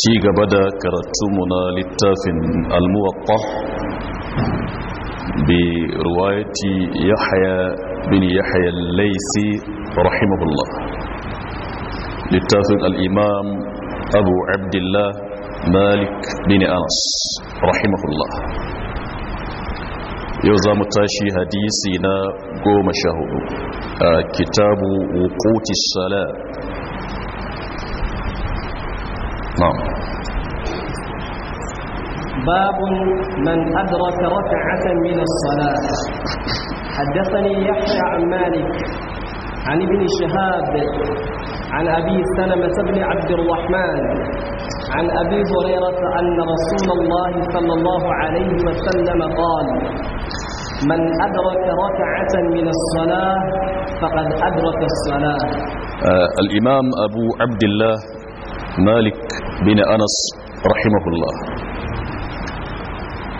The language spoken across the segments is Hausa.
ci gaba da karatunmu na littafin almuwatta bi ruwayati yahya bin yahya laisi rahimahullah littafin al'imam abu abdullah malik bin anas rahimahullah yau za mu tashi hadisi na goma sha hudu a kitabu wukuti salat نعم باب من أدرك ركعة من الصلاة حدثني يحيى عن مالك عن ابن شهاب عن أبي سلمة بن عبد الرحمن عن أبي هريرة أن رسول الله صلى الله عليه وسلم قال من أدرك ركعة من الصلاة فقد أدرك الصلاة آه الإمام أبو عبد الله malik bin anas rahimahullah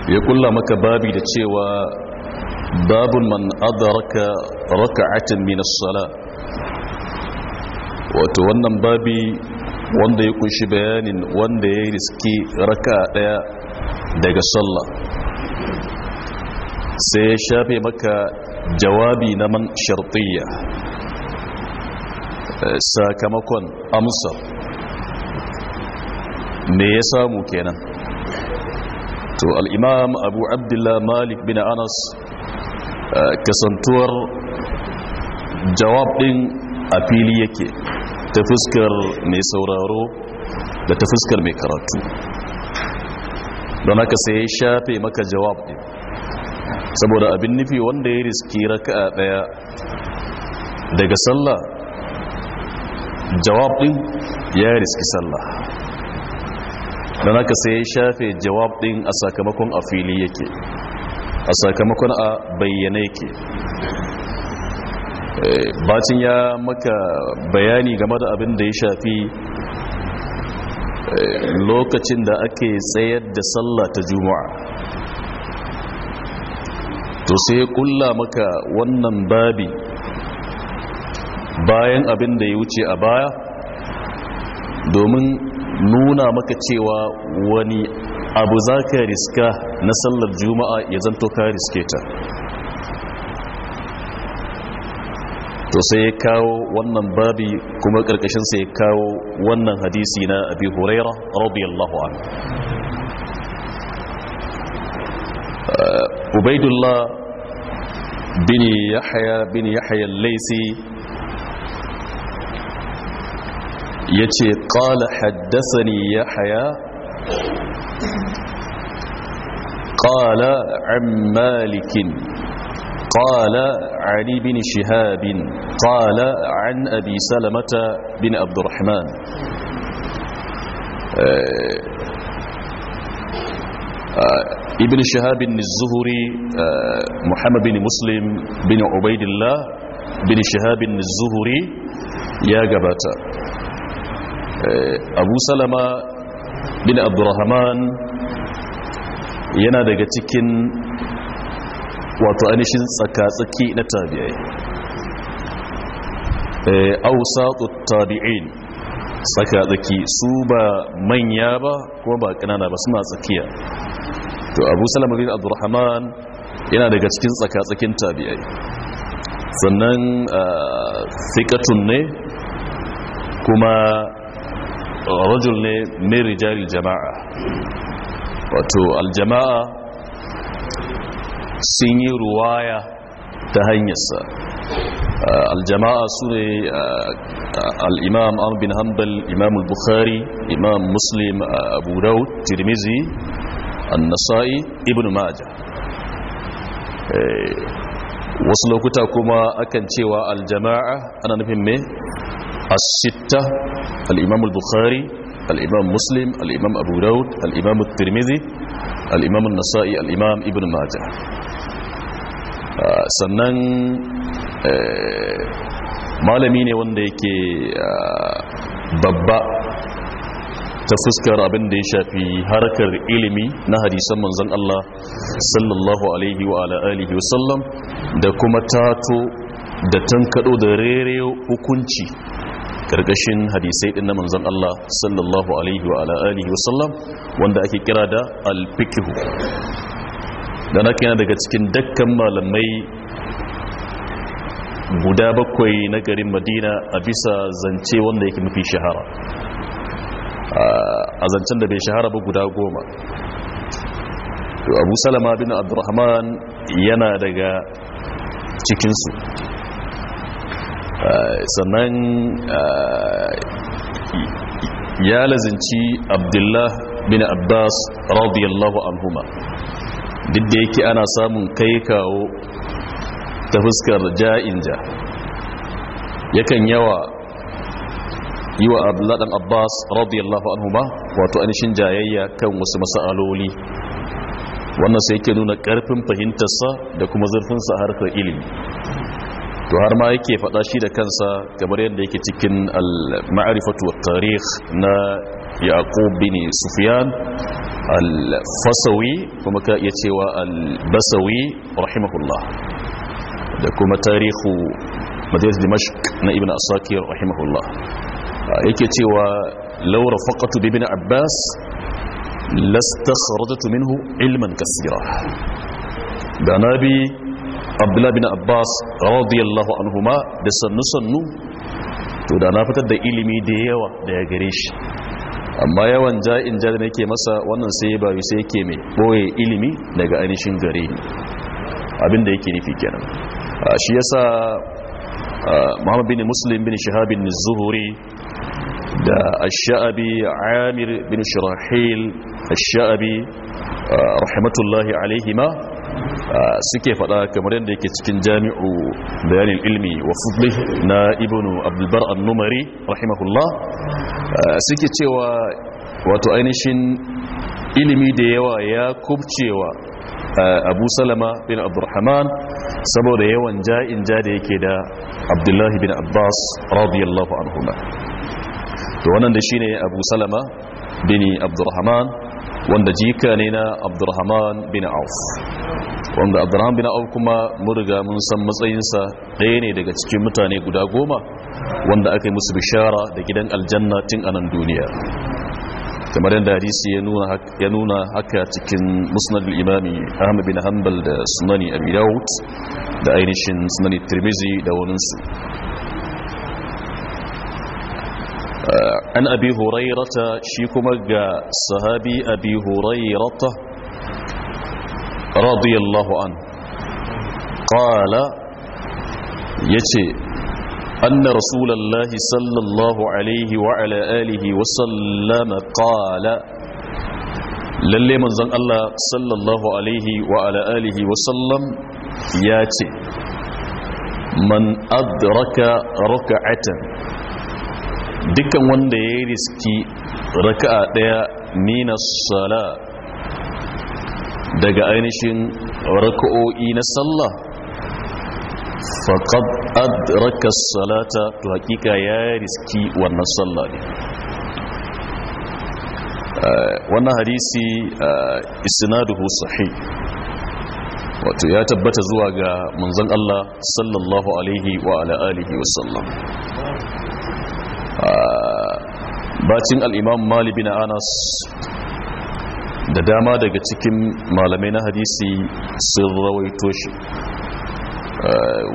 ya kulla maka babi da cewa babun man adaraka raka'atin min as wannan babi wanda ya kunshi bayanin wanda ya riski raka daya daga sallah sai ya shafe maka jawabi na man shartiyya eh, sakamakon amsar me ya samu kenan to al'imam abu abdullah malik bin anas kasantuwar jawab ɗin a fili yake ta fuskar mai sauraro da ta fuskar mai karatu don haka sai ya shafe maka jawab ɗin saboda abin nufi wanda ya riski a ɗaya daga sallah jawab ɗin ya riski sallah don haka sai ya shafe jawab din a sakamakon a fili yake a sakamakon a bayyana yake eh, bacin ya maka bayani game da abin da ya shafi eh, lokacin da ake tsayar da sallah ta juma'a to sai kulla maka wannan babi bayan abin da ya wuce a baya domin nuna maka cewa wani abu za ka riska na sallar juma'a ya zanto ka riske ta to sai ya kawo wannan babi kuma karkashin sai ya kawo wannan hadisi na abi huraira radiyallahu anhu ubaidullah bin yahya bin yahya al ya ce ƙala haddasa ne ya haya ƙala an malikin ƙala an ibin shihabin ƙala an abi salamata bin abdurrahman ابن شهاب الزهري محمد بن مسلم بن عبيد الله بن شهاب الزهري يا جباتا Eh, abu salama bin abdurrahman yana daga cikin wato anishin tsaka-tsaki na tabi'ai eh, ausatu tabi'in tsaka-tsaki su ba manya ba kuma ba kanana ba suna tsakiya to abu salama bin abdurrahman yana daga cikin tsaka-tsakin tabi'ai sannan fikatun eh, ne kuma رجل نے میرے جائل جماع تو الجماع سنگی روایا تہینیسا آه، الجماع سنے آه، الامام عام بن حنبل امام البخاري امام مسلم آه، ابو راود ترمیزی النصائی ابن ماجه وصلوا كتاكما أكن شوى الجماعة أنا نفهم الستة الإمام البخاري الإمام مسلم الإمام أبو داود الإمام الترمذي الإمام النسائي الإمام ابن ماجه sannan malami ne wanda yake babba ta fuskar abin da ya shafi harkar ilimi na hadisan manzan Allah sallallahu alaihi wa ala alihi da kuma tato da tankado da rere hukunci karkashin hadisai din na manzon Allah sallallahu alaihi wa alihi wa sallam wanda ake kira da al-fiqh dan haka daga cikin dakkan malamai guda bakwai na garin Madina a bisa zance wanda yake mafi shahara a zancen da bai shahara ba guda goma abu salama bin abdurrahman yana daga cikinsu Eh, sannan eh, ya lazinci abdullah bin abbas radiyallahu anhuma duk da yake ana samun kai kawo ta fuskar ja'inja yakan yawa yi wa abdulladan abbas radiyallahu anhuma wato anishin jayayya kan wasu masa'aloli wannan sai yake nuna ƙarfin fahimtarsa da kuma zurfinsa harkar ilimi to har ma yake faɗa shi da kansa kamar yadda yake cikin al-ma'rifatu wat tarikh na yaqub bin sufyan al-fasawi kuma ka iya cewa al-basawi rahimahullah da kuma tarihu madaris dimashq na ibn asakir rahimahullah yake cewa law rafaqatu bi ibn abbas lastakhrajtu minhu ilman kaseera da nabi abdullah bin abbas radiyallahu anhuma da sannu-sannu to da na fitar da ilimi da yawa da ya gare shi amma yawan ja'in ja da nake masa wannan sai ya bayu sai yake mai boye ilimi daga ainihin gare ni abinda yake nufi kenan shi yasa muhammad bin muslim bin shahabin zuhuri da ash-sha'abi amir bin shirahil ash-sha'abi rahimatullahi alaihima suke fada kamar yadda yake cikin jami'u bayanin ilmi wa fudli na ibnu abdulbar annumari rahimahullah suke cewa wato ainihin ilimi da yawa ya kubcewa abu salama bin abdurrahman saboda yawan ja'in ja da yake da abdullahi bin abbas radiyallahu anhu to wannan da shine abu salama bin abdurrahman wanda jika ne na abdurrahman bin auf wanda abdurrahman bin auf kuma murga mun san matsayinsa ɗaya ne daga cikin mutane guda goma wanda aka yi musu bishara da gidan aljanna tun a nan duniya kamar yadda hadisi ya nuna haka cikin musnadul imami ahmad bin hanbal da sunani abi daud da ainihin sunani tirmizi da waninsu عن أبي هريرة شيكمك صحابي أبي هريرة رضي الله عنه قال يتي أن رسول الله صلى الله عليه وعلى آله وسلم قال للي من زن الله صلى الله عليه وعلى آله وسلم ياتي من أدرك ركعة dukkan wanda ya yi riski raka'a daya nina sala daga ainihin raka'o'i na sallah faqad adraka salata to hakika ya yi riski wannan sallah ne eh, wannan hadisi eh, isnaduhu sahih wato ya tabbata zuwa ga manzon Allah sallallahu alaihi wa ala alihi wa sallam bacin al'imam malibi na anas da dama daga cikin malamai na hadisi sun rawaito shi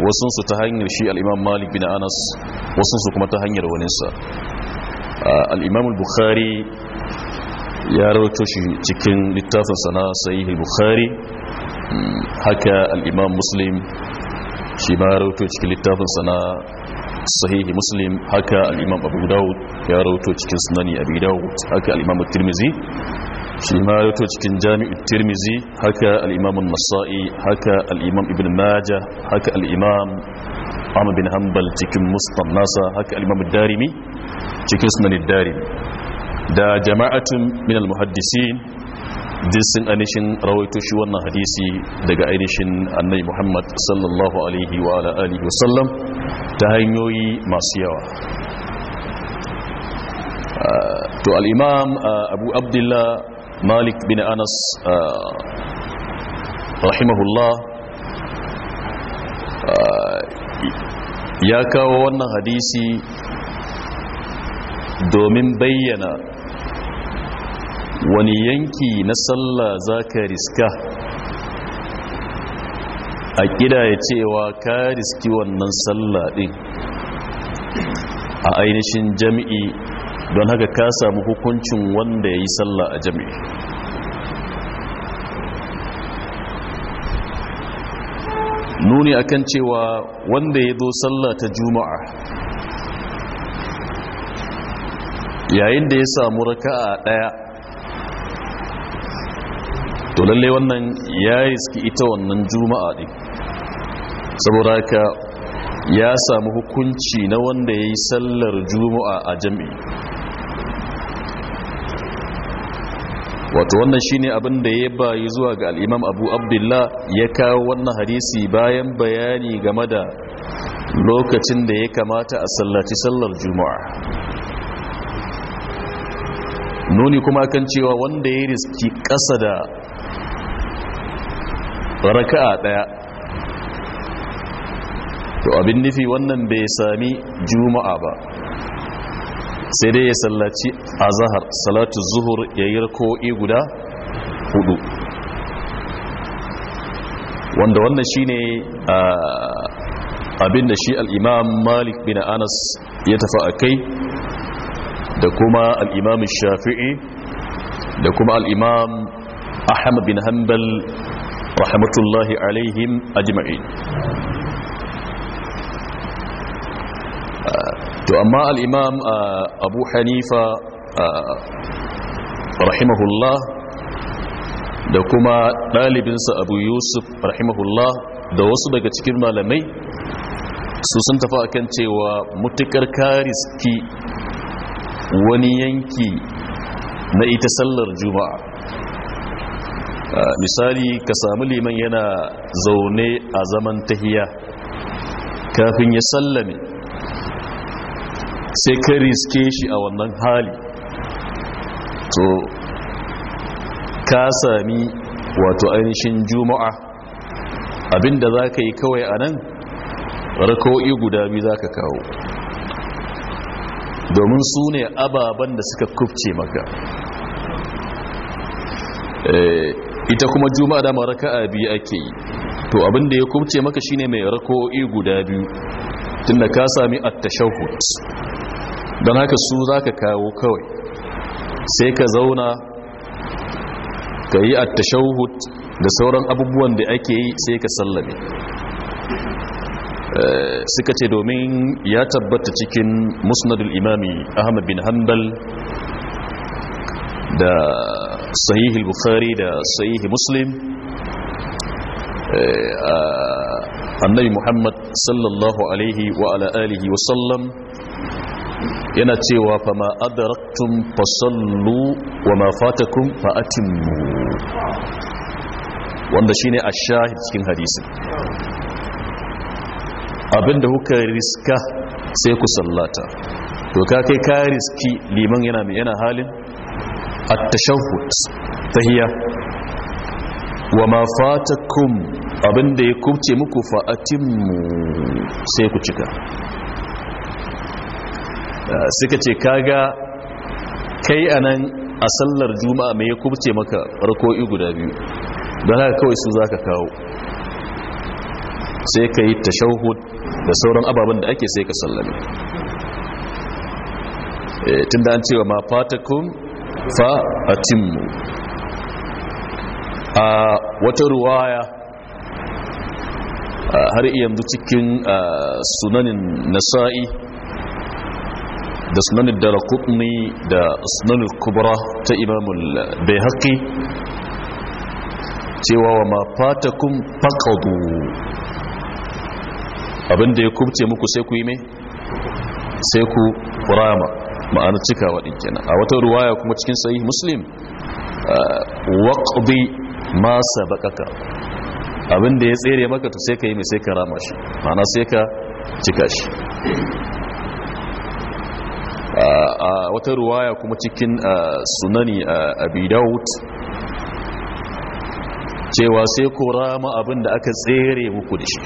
wasunsu ta hanyar shi al'imam malibi na anas wasunsu kuma ta hanyar waninsa al'imam bukhari ya rawaito shi cikin littafinsa sai yi bukhari haka al'imam muslim shi ma rawaito cikin littafin sana sahihi muslim haka al'imam abu daud ya rauto cikin sunani abu daud haka al'imam tirmizi shi ma rauto cikin jami'u tirmizi haka al'imam Masai haka al'imam ibn maja haka al'imam ahmad bin hanbal cikin mustan nasa haka al'imam darimi cikin sunani darimi da jama'atun min al-muhaddisin duk ainihin rawaito shi wannan hadisi daga ainihin annai muhammad sallallahu alaihi wa wasallam ta hanyoyi masu yawa ah, to al'imam ah, abu abdullah malik bin anas ah, rahimahullah ya kawo wannan hadisi domin bayyana wani yanki na sallah za ka riska a ya cewa ka riski wannan sallah ɗin a ainihin jami'i don haka ka samu hukuncin wanda ya yi sallah a jami'i nuni akan cewa wanda ya zo sallah ta juma'a yayin da ya samu raka'a ɗaya to lalle wannan ya riski ita wannan juma'a ɗin saboda ka ya samu hukunci na wanda ya yi sallar juma'a a jami'i wato wannan shine abin da ya bayi zuwa ga al'imam abu abdullah ya kawo wannan hadisi bayan bayani game da lokacin da ya kamata a sallaci sallar juma'a nuni kuma kan cewa wanda ya riski ƙasa da raka'a daya to abin nufi wannan bai sami juma'a ba sai dai ya sallaci a salatu zuhur ya rako'i guda hudu wanda wannan shine abin da shi al'imam malik bin anas ya tafi a kai da kuma al-imam shafi'i da kuma al'imam ahmad bin hanbal rahmatullahi alaihim ajma'in uh, to amma al-imam uh, abu hanifa uh, rahimahullah da kuma ɗalibinsa abu yusuf rahimahullah da wasu daga cikin malamai su sun tafi akan cewa mutukar kariski wani yanki na ita sallar juma'a misali ka samu liman yana zaune a zaman tahiya kafin ya sallame sai ka riske shi a wannan hali to ka sami wato ainihin juma'a abinda za ka yi kawai a nan rakawo'i guda biyu za ka kawo domin su ne ababen da suka kufce maka eh, ita kuma juma'a da raka'a biyu ake yi to abin da ya kumce maka shine mai rako'i guda biyu tun da ka sami at don haka su za ka kawo kawai sai ka zauna ka yi at da sauran abubuwan da ake yi sai ka sallame eh, suka ce domin ya tabbata cikin musnadul imami ahmad bin hanbal da sahihi bukhari da sahihi muslim annabi muhammad sallallahu alaihi wa ala alihi wa sallam yana cewa fa ma adraktum sallu wa ma fatakum fa atimmu wanda shine ash-shahid cikin hadisin abinda kuka riska sai ku sallata to ka kai ka riski liman yana mai yana halin at-tashahhud tahiyya wa ma fatakum abinda ya kubce muku fa atimmu sai ku cika suka ce kaga kai anan a sallar juma'a mai ya kubce maka rako'i guda biyu don haka kawai su zaka kawo sai ka yi tashahud da sauran ababen da ake sai ka sallame tun da an cewa ma fatakun fa atimmu a wata ruwaya har yanzu cikin sunanin nasa'i da sunanin darakutni da sunanin kubra ta imamul bai haƙi cewa wa mafatakun fakadu abinda ya kubce muku sai ku yi mai sai ku rama ma'ana cikawa din kenan a wata ruwaya kuma cikin sahih muslim ah, waqdi ma sabaqaka abin da ya tsere maka to sai ka yi mai sai ka rama shi ma'ana sai ka cika shi ah, a wata ruwaya kuma cikin ah, sunani abi daud cewa sai ku rama abin da aka tsere muku da shi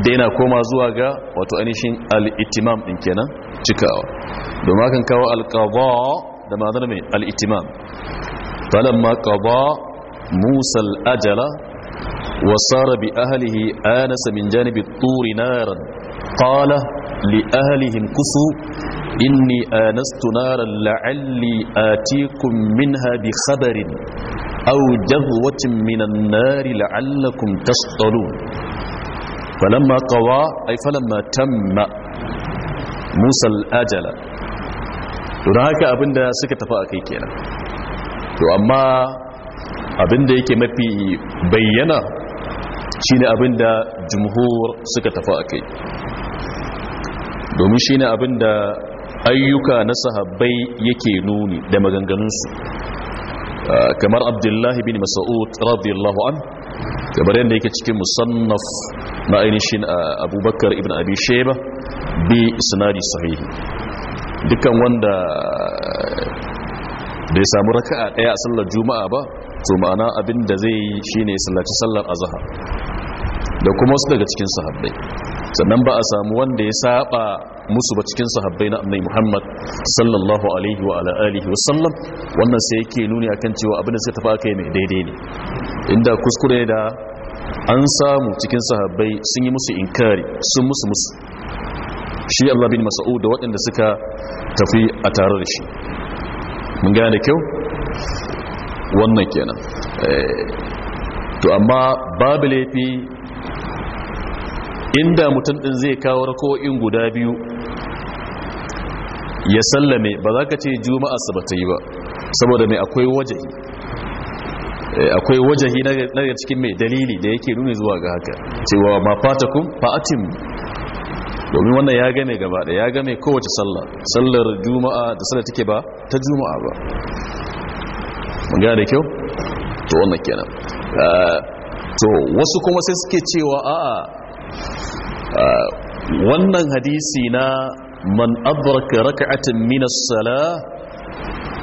duk koma zuwa ga wato ainihin al-itimam din kenan cikawa domin kan kawo al-qada da ma'anar mai al-itimam falamma qada musa al-ajala wa sara bi ahlihi anasa min janibi turi naran qala li ahlihim kusu inni anastu naran la'alli atikum minha bi khabarin aw jazwatin min an la'allakum tastalun falamma qawa ay falamma tamma musa al-ajala to dan haka abinda suka tafi akai kenan to amma abinda yake mafi bayyana shine abinda jumhur suka tafi akai domin shine abinda ayyuka na sahabbai yake nuni da maganganunsu kamar abdullahi bin mas'ud radiyallahu anhu kamar yadda yake cikin musannaf na ainihin ah, abubakar ibn abi sheba bi sinadi sahihi dukkan wanda ah, bai samu raka'a daya a sallar juma'a ba to ma'ana abinda zai yi shine sallaci sallar azhar da kuma wasu daga cikin sahabbai sannan ba a samu wanda ya saba musu ba cikin sahabbai na annabi Muhammad sallallahu alaihi wa ala alihi wa sallam wannan sai yake nuni akan cewa abin da sai tafi kai ne daidai ne inda kuskure da an samu cikin sahabbai sun yi musu inkari sun musu musu shi Allah bin Mas'ud da waɗanda suka tafi a tare da shi mun gane kyau wannan kenan eh, to amma babu laifi inda mutum din zai kawo rako'in guda biyu ya sallame ba za ka ce juma'a su ba ta yi ba saboda mai akwai wajahi eh, akwai wajahi na cikin mai dalili da yake nuni zuwa ga haka cewa ma fatakun fa'atin domin wannan ya game gaba da ya game kowace sallah sallar juma'a da sallar take ba ta juma'a ba mun gane da kyau to wannan kenan eh, to wasu kuma sai suke cewa a'a wannan hadisi na man adraka raka'atin min as-salah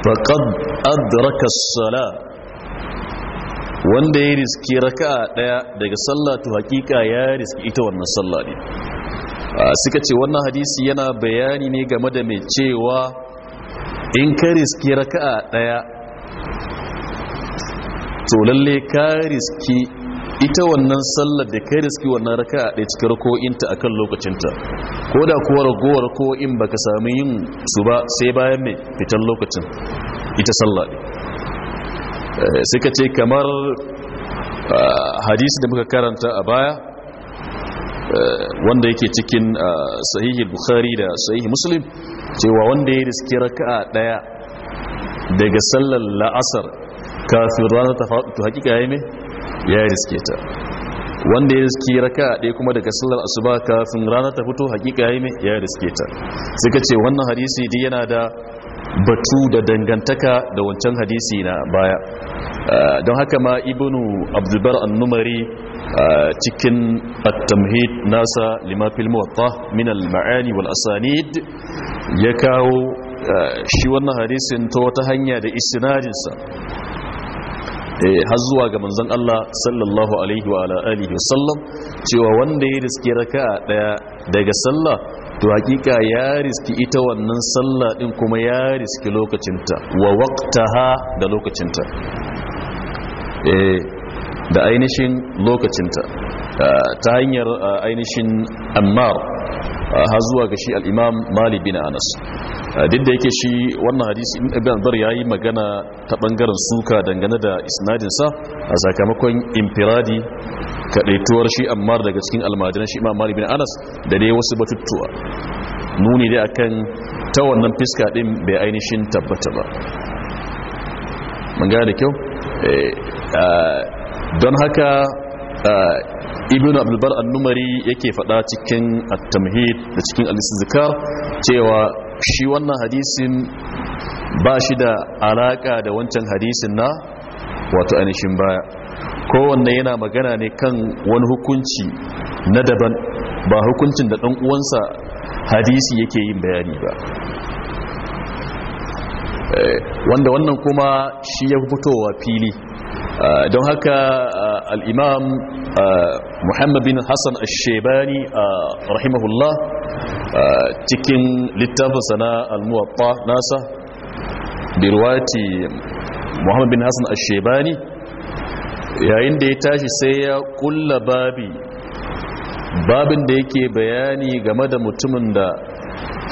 faqad adraka as-salah wanda ya riski raka'a daya daga sallatu to hakika ya riski ita wannan sallah ne ah, suka ce wannan hadisi yana bayani ne game da mai cewa in ka riski raka'a daya to lalle ka riski ita wannan sallar da kai riski wannan a ɗaya cikin rako'inta a kan lokacinta ko da kuwa ragowar rako'in ka sami yin su ba sai bayan mai fitan lokacin ita sallar. ne eh, suka ce kamar eh, hadisi da muka karanta a baya eh, wanda yake cikin sahihi bukhari da sahihi muslim cewa wanda ya riski a ɗaya daga sallar la'asar kafin rana ta faɗi to hakika ya yi mai ya riske ta wanda ya riski raka ɗaya kuma daga sallar asuba kafin rana ta fito hakika ya yi mai ya riske ta suka ce wannan hadisi dai yana da batu da dangantaka da wancan hadisi na baya ah, don haka ma ibnu abdulbar annumari ah, cikin at-tamhid nasa lima muwatta min al-ma'ani wal asanid ya kawo ah, shi wannan hadisin ta wata hanya da istinadinsa Eh, har zuwa ga manzon Allah sallallahu alaihi wa alihi wasallam cewa wanda ya riski raka'a daya daga sallah to hakika ya riski ita wannan sallah din kuma ya riski lokacinta wa waqtaha da lokacinta eh, da ainihin lokacinta eh, ta hanyar ainihin ammar har zuwa ga shi al’imam imam bin anas duk da yake shi wannan hadisi ibn ya yi magana ta bangaren suka dangane da isnadinsa a sakamakon infiradi kadaituwar shi amma daga cikin almajiran shi imam malik bin anas da dai wasu batuttuwa nuni dai akan ta wannan fiska ɗin bai ainihin tabbata ba don haka ibn abdulbar al-numari yake fada cikin at da cikin al cewa shi wannan hadisin ba shi da alaka da wancan hadisin na wato anishin baya kowanne yana magana ne kan wani hukunci na daban ba hukuncin da ɗan uwansa hadisi yake yin bayani ba eh, wanda wannan kuma shi ya fitowa fili ah, don haka ah, al'imam muhammad bin hassan ashebani rahimahullah cikin littafinsa na almuwatta nasa birwati muhammad bin hassan ashebani yayin da ya tashi sai ya kulla babi babin da yake bayani game da mutumin da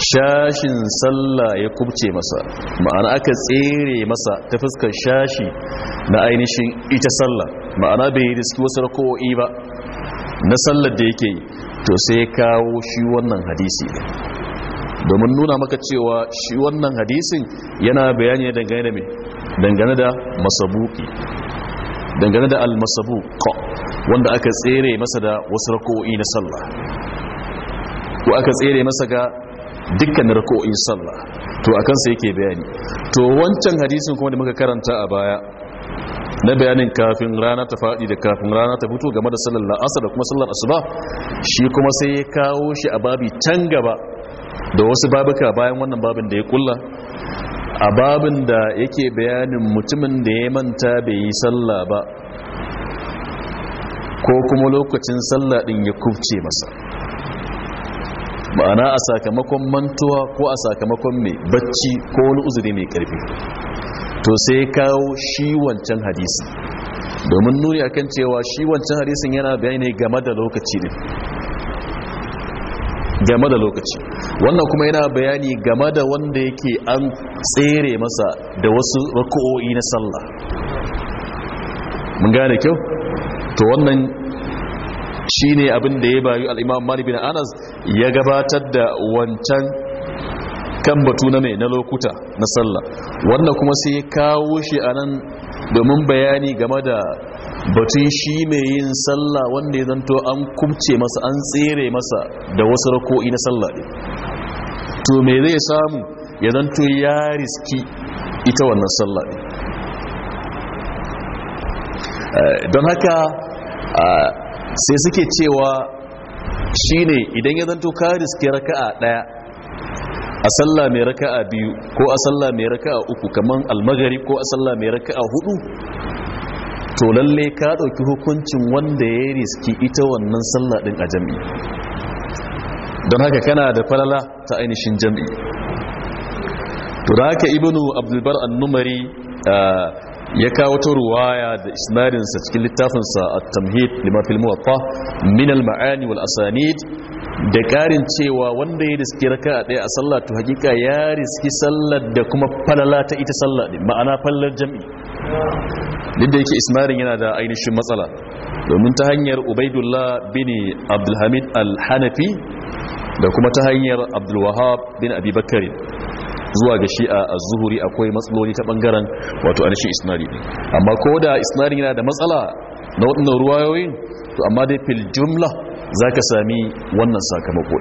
shashin sallah ya kubce masa ma'ana aka tsere masa ta fuskar shashi na ainihin ita sallah ma'ana bai yi riski wasu rako'o'i ba na sallar da yake to sai kawo shi wannan hadisi domin nuna maka cewa shi wannan hadisin yana bayani dangane da mai dangane da masabuki dangane da almasabuka wanda aka tsere masa da wasu rako'o'i na sallah ko aka tsere masa ga dukkan rako'in sallah to a kansa yake bayani to wancan hadisin kuma da muka karanta a baya na bayanin kafin rana ta faɗi da kafin rana ta fito game da sallar la'asar da kuma sallar asuba shi kuma sai ya kawo shi a babi can gaba da wasu babuka bayan wannan babin da ya kulla a babin da yake bayanin mutumin da ya manta bai yi sallah ba ko kuma lokacin sallah din ya kubce masa ma'ana a sakamakon mantuwa ko a sakamakon mai bacci ko wani uzuri mai karfi to sai kawo shi wancan hadisi domin nuni akan cewa shi wancan hadisin yana bayani game da lokaci ne game da lokaci wannan kuma yana bayani game da wanda yake an tsere masa da wasu rako'o'i na sallah mun gane kyau to wannan shine abin da ya bayu al-imam malik bin anas ya gabatar da wancan kan batu na mai na lokuta na sallah wannan kuma sai ya kawo shi anan domin bayani game da batun shi mai yin sallah wanda ya zanto an kubce masa an tsere masa da wasu rako'i na sallah ne to me zai samu ya zanto ya riski ita wannan sallah ne eh, don haka ah, sai suke cewa shine idan ya zanto ka riske raka'a daya a sallah mai raka'a biyu ko a sallah mai raka'a uku kaman almagari ko a sallah mai raka'a hudu to lalle ka dauki hukuncin wanda ya riski ita wannan sallah din a jam'i? don haka kana da falala ta ainihin jam'i? to da haka ibnu abdulbar annumari ah, ya kawo ta ruwaya da isnadinsa cikin littafinsa a tamhid limar filmuwatta min al-ma'ani wal asanid da karin cewa wanda ya riski raka a ɗaya a sallah to hakika ya riski sallar da kuma falala ta ita sallah ɗin ma'ana fallar jam'i duk da yake ismarin yana da ainihin matsala domin ta hanyar ubaidullah bin abdulhamid al-hanafi da kuma ta hanyar abdulwahab bin abubakar zuwa ga shi a zuhuri akwai matsaloli ta bangaren wato an shi isnari amma ko da isnari yana da matsala na waɗannan ruwayoyin to amma dai fil jumla za ka sami wannan sakamako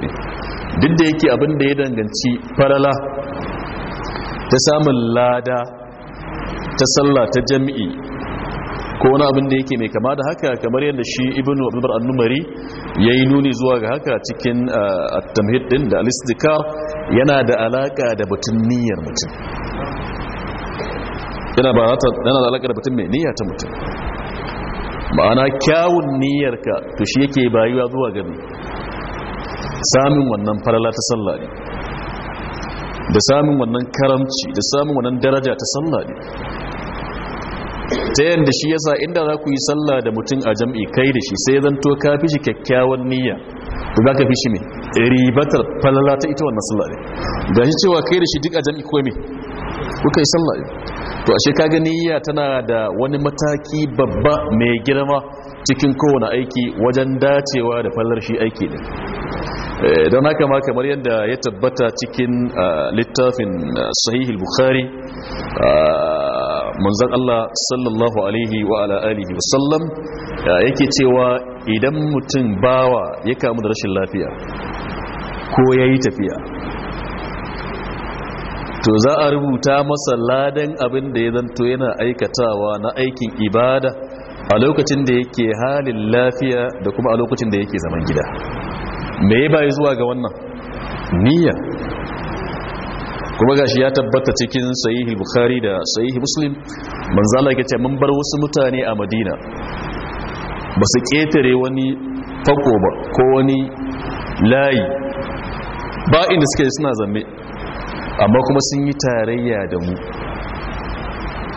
ɗin duk da yake abin da ya danganci farala ta samun lada ta sallah ta jami'i ko wani abin da yake mai kama da haka kamar yadda shi Ibn Abubuwar annumari ya yi nuni zuwa ga haka cikin uh, tamhid da alistikar yana da alaka da batun niyyar mutum yana da alaka da batun mai niyyar ta mutum ma'ana kyawun niyyarka to shi yake bayuwa zuwa gani samun wannan farala ta sallah ne da samun wannan karamci da samun wannan daraja ta sallah ne ta yadda shi yasa inda za ku yi sallah da mutum a jam'i kai da shi sai to ka fi shi kyakkyawan niyya to za ka fi shi ne ribatar falala ta ita wannan sallah ne ga shi cewa kai da shi duk a jam'i ko me kuka yi sallah to ashe ka ga niyya tana da wani mataki babba mai girma cikin kowane aiki wajen dacewa da fallar shi aiki ne eh, don haka ma kamar yadda ya tabbata cikin ah, littafin ah, sahihul bukhari ah, manzon Allah sallallahu alaihi wa ala alihi wa sallam yake cewa idan mutum bawa ya kamu da rashin lafiya ko ya yi tafiya to za a rubuta masa ladan abin da ya zanto yana aikatawa na aikin ibada a lokacin da yake halin lafiya da kuma a lokacin da yake zaman gida me ya bayi zuwa ga wannan niyya kuma gashi ya tabbata cikin sahihi bukhari da sahihi muslim manzala yake cewa mun bar wasu mutane a madina ba su ketare wani fako ba ko wani layi ba inda suke suna zambe amma kuma sun yi tarayya da mu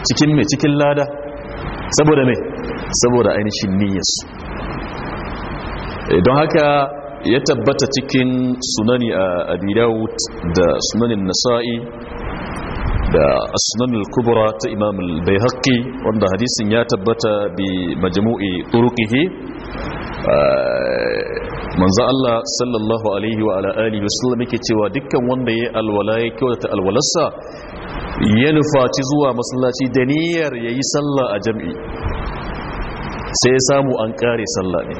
cikin mai cikin lada saboda mai saboda ainihin niyyarsu eh, don haka ya tabbata cikin sunani a abidawut da sunanin nasa'i da sunanin kubra ta imam bai haƙƙi wanda hadisin ya tabbata bi majamu'i turukihi manzo Allah sallallahu alaihi wa ala alihi wasallam yake cewa dukkan wanda yayi alwala ya kyautata alwalarsa ya nufaci zuwa masallaci da niyyar yayi sallah a jam'i. sai ya samu an kare sallah ne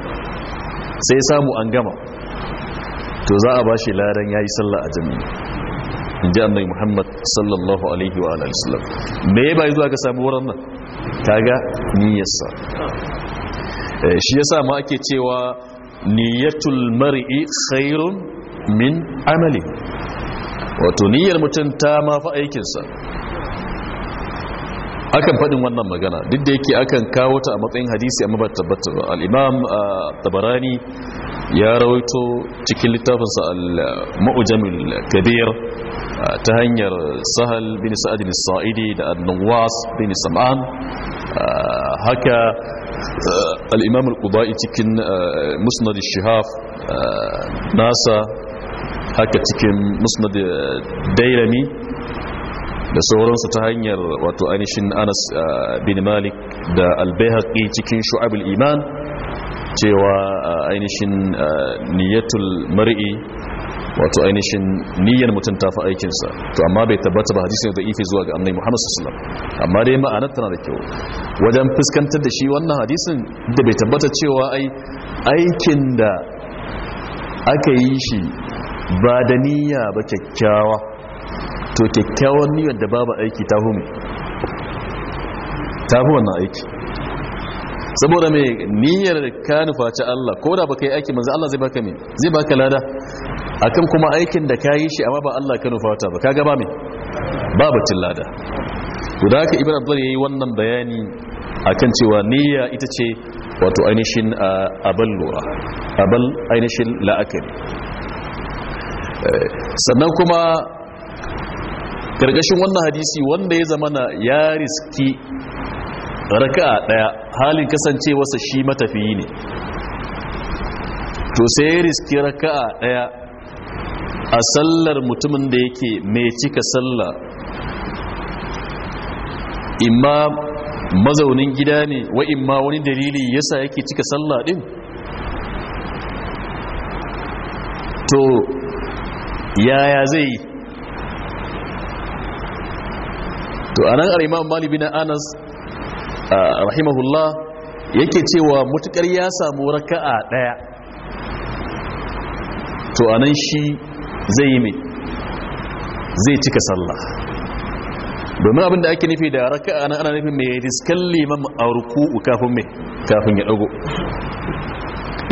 sai ya samu an gama to za a bashi ladan yayi sallah a jami'i inji annabi Muhammad sallallahu alaihi wa alihi sallam me ya bai zuwa ga samu wurin nan kaga niyyarsa eh, shi yasa ma ake cewa niyyatul mar'i khairun min amali wato niyyar mutum ta ma fa aikinsa akan faɗin wannan magana duk da yake akan kawo ta a matsayin hadisi amma ba tabbata ba al-imam ah, tabarani يا رويتو تكل التافنس المؤجم الكبير آه، تهنير سهل بن سعد بن الصائدي النواس بن سمعان آه، هكا آه، الإمام القضائي تكن مسند الشهاف ناسا هكا تكن مسند ديلمي بسورن ستهنير واتو أنيشن أنس بن مالك دا البيهقي تكن شعب الإيمان cewa ainihin niyatul mar'i wato ainihin niyyar mutum ta fi aikinsa to amma bai tabbata ba hadisin da ife zuwa ga annabi muhammad wasallam amma dai ma'anar tana da kyau wajen fuskantar da shi wannan hadisin da bai tabbata cewa ai aikin da aka yi shi ba da niyya ba kyakkyawa to kyakkyawan niyyar da babu aiki ta hu ta fi wannan aiki saboda mai niyyar ka nufaci Allah ko da baka yi aiki manzo Allah zai baka mai zai baka lada kan kuma aikin da ka yi shi amma ba Allah ka nufata ba ka gaba mai ba batun lada Guda da haka ibn ya yi wannan bayani kan cewa niyya ita ce wato ainihin abal lura abal ainihin la'akari sannan kuma karkashin wannan hadisi wanda ya zamana ya riski raka'a daya halin kasancewarsa shi matafiyi ne to sai riski raka'a daya a sallar mutumin da yake mai cika sallah imma mazaunin gida ne wa imma wani dalili yasa yake cika salla din to yaya zai yi to anan al-imam malibi na anas rahimahullah yake cewa mutukar ya samu raka'a daya to anan shi zai yi mai zai cika sallah domin abinda ake nufi da raka'a nan ana nufin mai riskan liman a ruku'u kafin mai kafin ya dago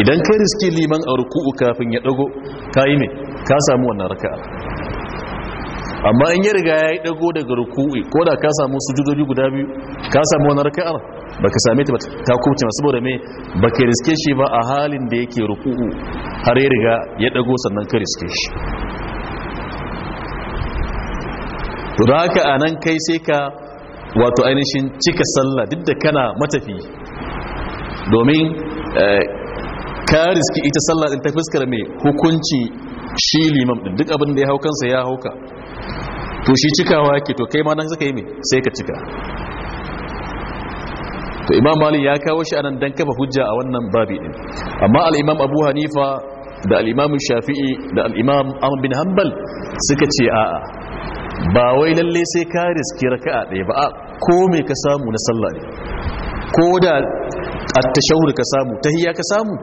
idan kai riski liman a ruku'u kafin ya dago ka yi mai ka samu wannan raka'a amma in ya riga ya yi dago daga ruku'i ko da ka samu sujudoji guda biyu ka samu wani raka'ar baka same ta ta kuce masu saboda me baka riske shi ba a halin da yake ruku'u har ya riga ya dago sannan ka riske shi to da haka anan kai sai ka wato ainihin cika sallah duk da kana matafi domin eh, ka riske ita sallah din ta fuskar mai hukunci shi limam din duk abin da ya hau kansa ya hauka to shi cikawa yake to kai ma nan zaka yi me sai ka cika to imam malik ya kawo shi anan dan kafa hujja a wannan babi din amma al-imam abu hanifa da al-imam shafi'i da al-imam ahmad bin hanbal suka ce a'a ba wai lalle sai ka riski raka'a ɗaya ba ko me ka samu na sallah ne ko da at tashawur ka samu tahiyya ka samu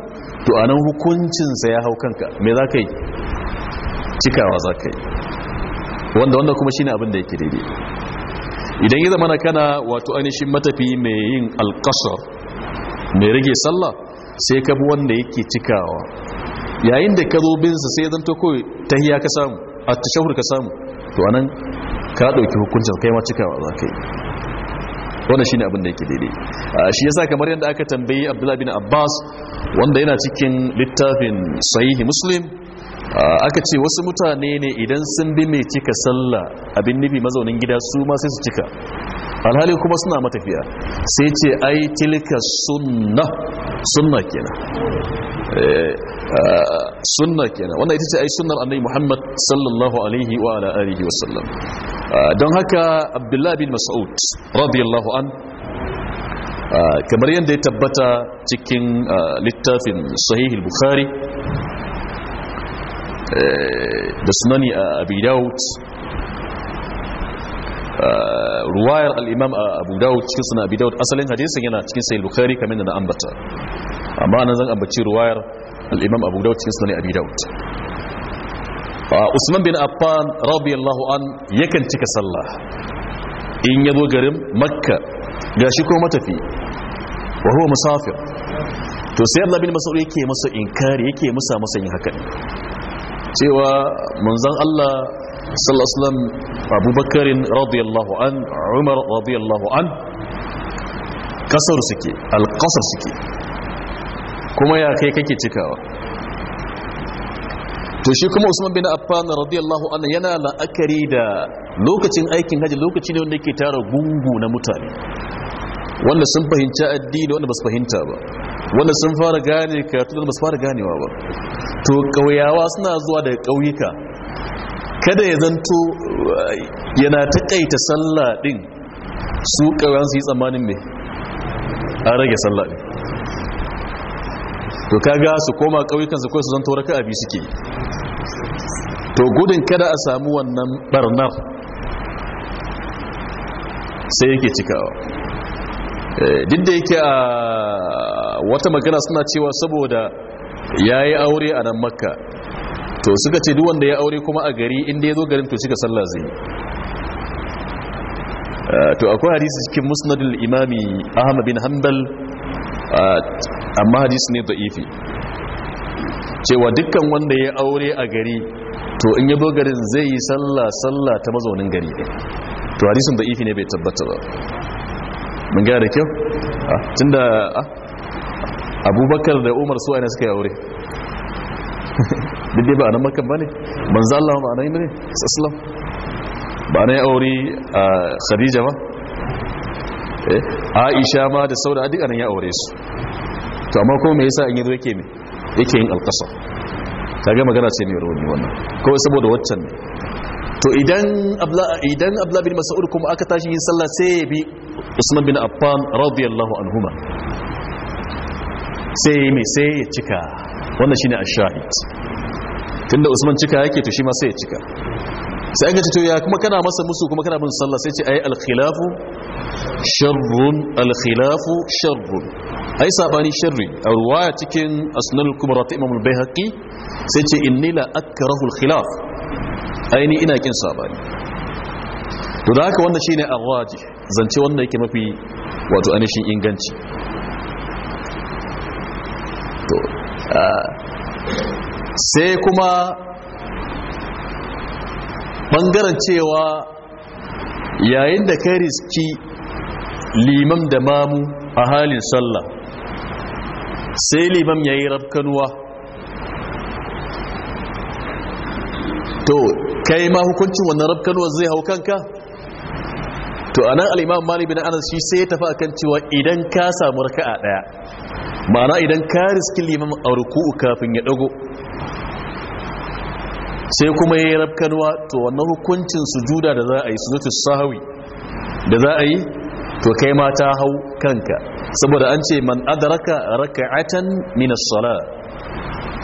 to anan hukuncin sa ya hau kanka me zaka yi cikawa zaka yi wanda wanda kuma shine abin da yake daidai idan ya zama kana wato ainihin matafi mai yin alkasar mai rage sallah sai ka bi wanda yake cikawa yayin da ka zo binsa sai zanto ko tahiya ka samu a tashahur ka samu to anan ka ɗauki hukuncin kai ma cikawa za ka wannan shine abin da yake daidai shi yasa kamar yadda aka tambayi Abdullah bin Abbas wanda yana cikin littafin sahihi Muslim aka ce wasu mutane ne idan sun bi mai cika sallah abin nufi mazaunin gida su ma sai su cika alhali kuma suna matafiya sai ce ai tilka sunna sunna kenan eh, sunna kenan wannan ita ce ai sunnar annabi Muhammad sallallahu alaihi wa ala alihi wa sallam ah, don haka Abdullah bin Mas'ud radiyallahu an ah, kamar yadda ya tabbata cikin ah, littafin sahih al-Bukhari eh, da sunani Abi Dawud ruwayar Al-imam abu dawud cikin sunan Abi dawud asalin hadisin yana cikin al bukhari kamar yanda na ambata amma nan zan ambaci ruwayar al abu daud cikin sunan abi daud usman bin affan radiyallahu an yakan cika sallah in yabo garin makka gashi ko matafi wa huwa musafir to sai Allah bin Mas'ud yake masa inkari yake musa masa yin haka cewa manzon Allah sallallahu alaihi wasallam Abubakar radiyallahu an Umar radiyallahu an kasar suke alqasar suke kuma ya kai kake cikawa to shi kuma usman bin affan radiyallahu anhu yana la'akari da lokacin aikin haji lokaci ne wanda yake tara gungu na mutane wanda sun fahimci addini wanda ba su fahimta ba wanda sun fara gane karatu ba fara ganewa ba to kauyawa suna zuwa da kauyuka kada ya zanto uh, yana taƙaita sallah din su kauyansu yi tsammanin me a rage sallah din to kaga su koma kauyukan su kawai su zanto raka'a bi suke to gudun kada a samu wannan barnar sai yake cikawa eh, duk da yake a ah, wata magana suna cewa saboda ya yi aure a nan makka to suka ce duk wanda ya aure kuma a gari inda ya zo garin to cika sallah zai eh, to akwai hadisi cikin musnadul imami ahmad bin hanbal Ah, amma hadisi ne da'ifi cewa dukkan wanda ya aure a gari to in yi garin zai yi sallah sallah ta mazaunin gari to hadisun da'ifi ne bai tabbata ba mun gaya da kyau ah, da ah, abubakar da umar su aina suka yi aure duk ba a nan makan ba ne manzo Allah ba a nan ne sassalam ba na ya aure a khadija ba eh? aisha ma da sauda duk anan ya aure su to amma kuma me yasa in yi yake me yake yin alƙasa gama magana ce mai rauni wannan ko saboda waccan ne to idan abla bin mas'ud kuma aka tashi yin sallah sai ya bi usman bin affan radiyallahu anhuma sai ya mai sai ya cika wannan shine ash-shahid tunda usman cika yake to shi ma sai ya cika sai an to ya kuma kana masa musu kuma kana mun sallah sai ce ai al-khilafu sharrun al-khilafu sharrun ai sabani sharri a ruwaya cikin asnan al-kubra ta imam al bayhaqi sai ce inni la akrahu al-khilaf ai ni ina kin sabani to da haka wannan shine ar-raji zance wannan yake mafi wato anishin inganci to ah, sai kuma ɓangaren cewa yayin da kai riski limam da mamu a halin sallah sai limam ya yi rafkanuwa to kai ma hukuncin wannan rafkanuwa zai hau kanka to a nan al'imam mali bin anas shi sai ya tafi kan cewa idan ka samu a ɗaya, ma'ana idan ka riski limam a ruku'u kafin ya ɗago. sai kuma ya yi rafkanwa to wannan hukuncin sujuda da za a yi sujudu sahawi da za a yi to kai ma ta hau kanka saboda an ce man adraka raka'atan min as-sala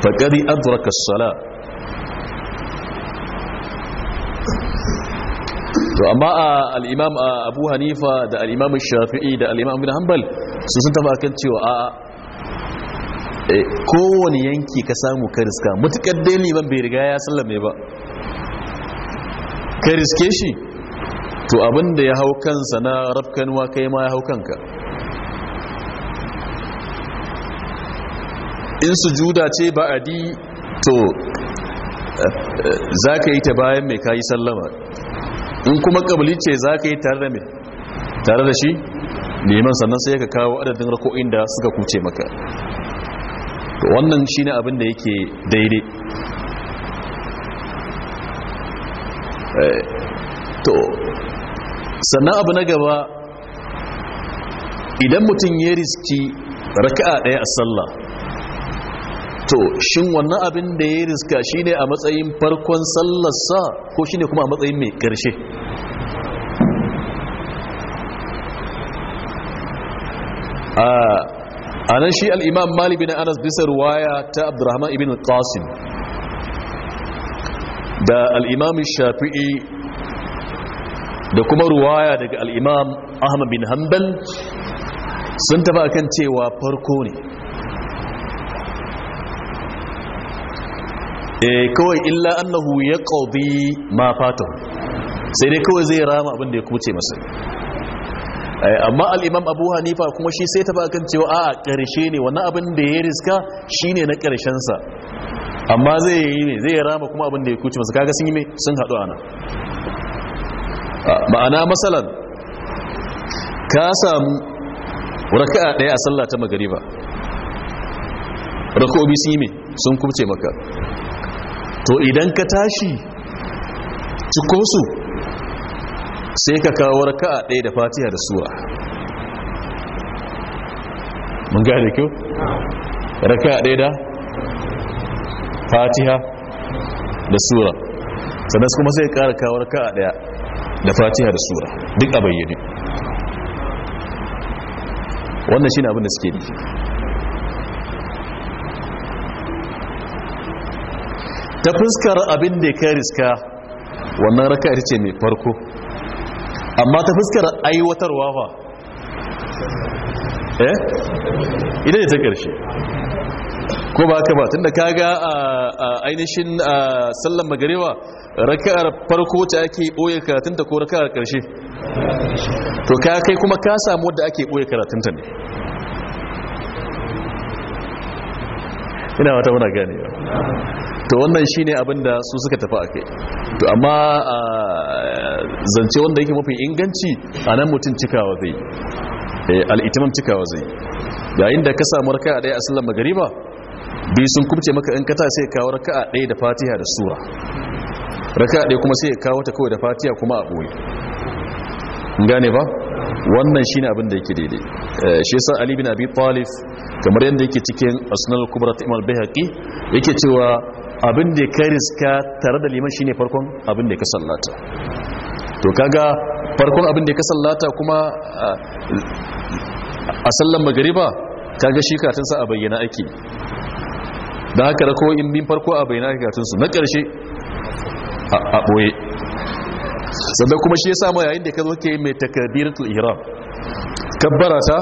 faqad adraka as-sala to amma al-imam Abu Hanifa da al-imam Shafi'i da al-imam Ibn Hanbal su sun taba kan cewa a'a Eh, kowane yanki ka samu ka riska mutukar dai liman bai riga ya sallame ba kariske riske shi to abinda ya hau kansa na rafkanwa kai ma ya hau kanka in su Juda ce ba'adi to za ka yi ta bayan mai kayi sallama in kuma kabili ce za ka yi tare da mai tare da shi neman sannan sai ka kawo adadin rako'in da suka kuce maka wannan shi ne abinda yake daidai eh, to sannan abu na gaba idan mutum ya riski raka'a ɗaya a sallah to shin wannan abin da ya riska shi ne a matsayin farkon sallarsa ko shi ne kuma a matsayin mai ƙarshe a ah, a nan shi al'imam malik bin anas bisa ruwaya ta abdurrahman ibn qasim da al'imam shafi'i da kuma ruwaya daga al'imam ahmad bin hanbal sun tafi kan cewa farko ne eh, kawai illa annahu ya ƙaudi ma fata sai dai kawai zai rama abin da ya kuce masa Eh, amma al'imam abu hanifa kuma shi sai ta kan cewa a ƙarshe ne wani abin da ya riska shi ne na ƙarshensa amma zai yi ne zai rama kuma abin da ya kuce masu kaga sun yi mai sun haɗu ana ah, ma'ana matsalan ka samu a ɗaya a sallah ta magariba obi sun yi mai sun kuce maka to idan ka tashi cikosu sai ka kawo a ɗaya da fatiha da sura mun gane kyau a ɗaya da fatiha da sura sannan kuma sai ka kawo a ɗaya da fatiha da sura duk a bayyane wannan shi ne abin da suke ne ta fuskar abin da ya kai riska wannan raka ita ce mai farko amma ta fuskar aiwatarwa fa eh ita ne ta ƙarshe ko ba ka ba tunda kaga ainihin sallan magarewa raka'ar farko ta ake boye karatunta ko raka'ar karshe to ka kai kuma ka samu wadda ake boye karatunta ne ina wata muna gani. to wannan shine abinda su suka tafi a kai to amma zance wanda yake mafi inganci a nan mutum cikawa zai eh, al'itimam cikawa zai yayin da ka samu raka a ɗaya a sallar magariba bi sun kubce maka in kata sai kawo raka a ɗaya da fatiha da sura raka a ɗaya kuma sai kawo ta kawai da fatiha kuma a ɓoye gane ba wannan shine abin da yake daidai eh, shi yasa ali bin abi talib kamar yadda yake cikin asnal kubra ta imal bihaqi yake cewa abin da ka riska tare da liman shine farkon abin da ka sallata to kaga farkon abin da ka sallata kuma a sallan magariba kaga shi karatun sa a bayyana ake da haka da kowa in bin farko a bayyana karatun su na ƙarshe a ɓoye sannan kuma shi ya samu yayin da ka zo ke mai takabiratul ihram kabbara ta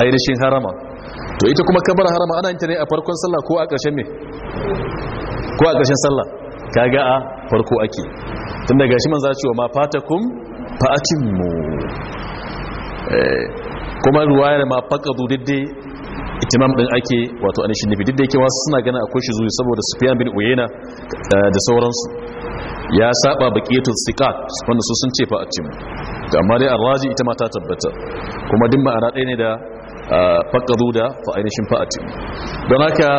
ainihin harama to ita kuma kabbara harama ana yin ta ne a farkon sallah ko a ƙarshen me ko a ƙarshen sallah kaga a farko ake tun daga shi ce wa ma fatakum fa'atimmu eh, kuma ruwayar ma du diddai itimam din ake wato anishin nabi diddai ke wasu suna ganin akwai shi zuwa saboda sufyan bin uyena eh, da sauransu ya saba baqiyatul siqat wanda su sun ce fa'atimmu amma dai arraji ita ma ta tabbata kuma din ma'ana ɗaya ne da faƙaru da fa ainihin fa'ati don haka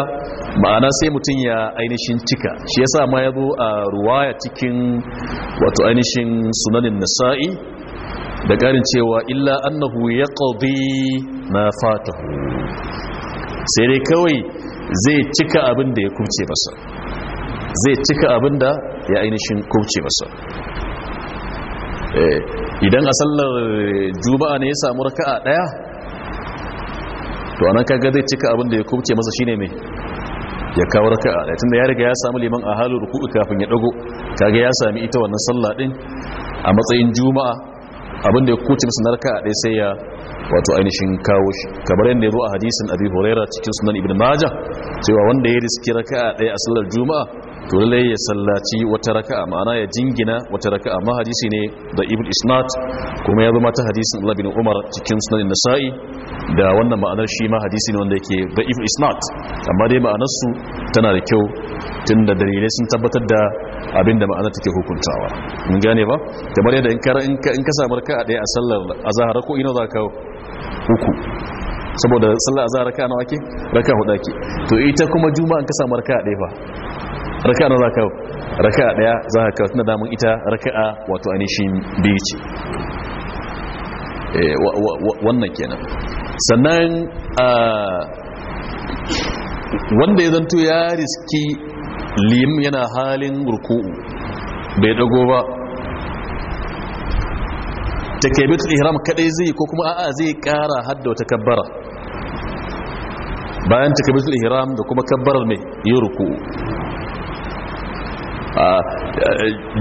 ma'ana sai mutum ya ainihin cika shi yasa ma ya zo a ruwaya cikin wato ainihin sunanin nasa'i da ƙarin cewa illa annahu ya ƙaldi na fatahu sai dai kawai zai cika abin da ya kubce masa zai cika abin da ya ainihin kubce masa eh, idan a sallar juma'a ne ya samu raka'a ɗaya to anan kaga zai cika abin da ya kubce masa shine mai ya kawo raka'a ɗaya tunda ya riga ya samu liman a halin ruku'u kafin ya dago kaga ya sami ita wannan sallah din a matsayin juma'a abin da ya kuce masa a ɗaya sai ya wato ainihin kawo shi kamar yadda ya zo a hadisin abi huraira cikin sunan ibn majah cewa wanda ya riski raka'a ɗaya a sallar juma'a to lallai ya sallaci wata raka'a ma'ana ya jingina wata raka'a ma hadisi ne da ibn isnad kuma ya zama ta hadisin Allah bin Umar cikin sunan Nasa'i da wannan ma'anar shi ma hadisi ne wanda yake da ibn isnad amma dai ma'anar su tana da kyau tunda dalilai sun tabbatar da abinda ma'anar take hukuntawa mun gane ba kamar yadda in ka samu raka'a daya a sallar azhar ko ina za ka uku saboda sallar azhar raka'a nawa ke raka'a hudu ke to ita kuma juma'a in ka samu raka'a daya ba raka'a na za ka raka'a daya za ka kawo tana damun ita raka'a wato ainihin biyu ce eh, wannan kenan sannan wanda ya zanto ya riski lim yana halin ruku'u bai dago ba takaibatul ihram kadai zai ko kuma a'a zai kara hadda wata kabbara bayan takaibatul ihram da kuma kabbarar mai yi ruku'u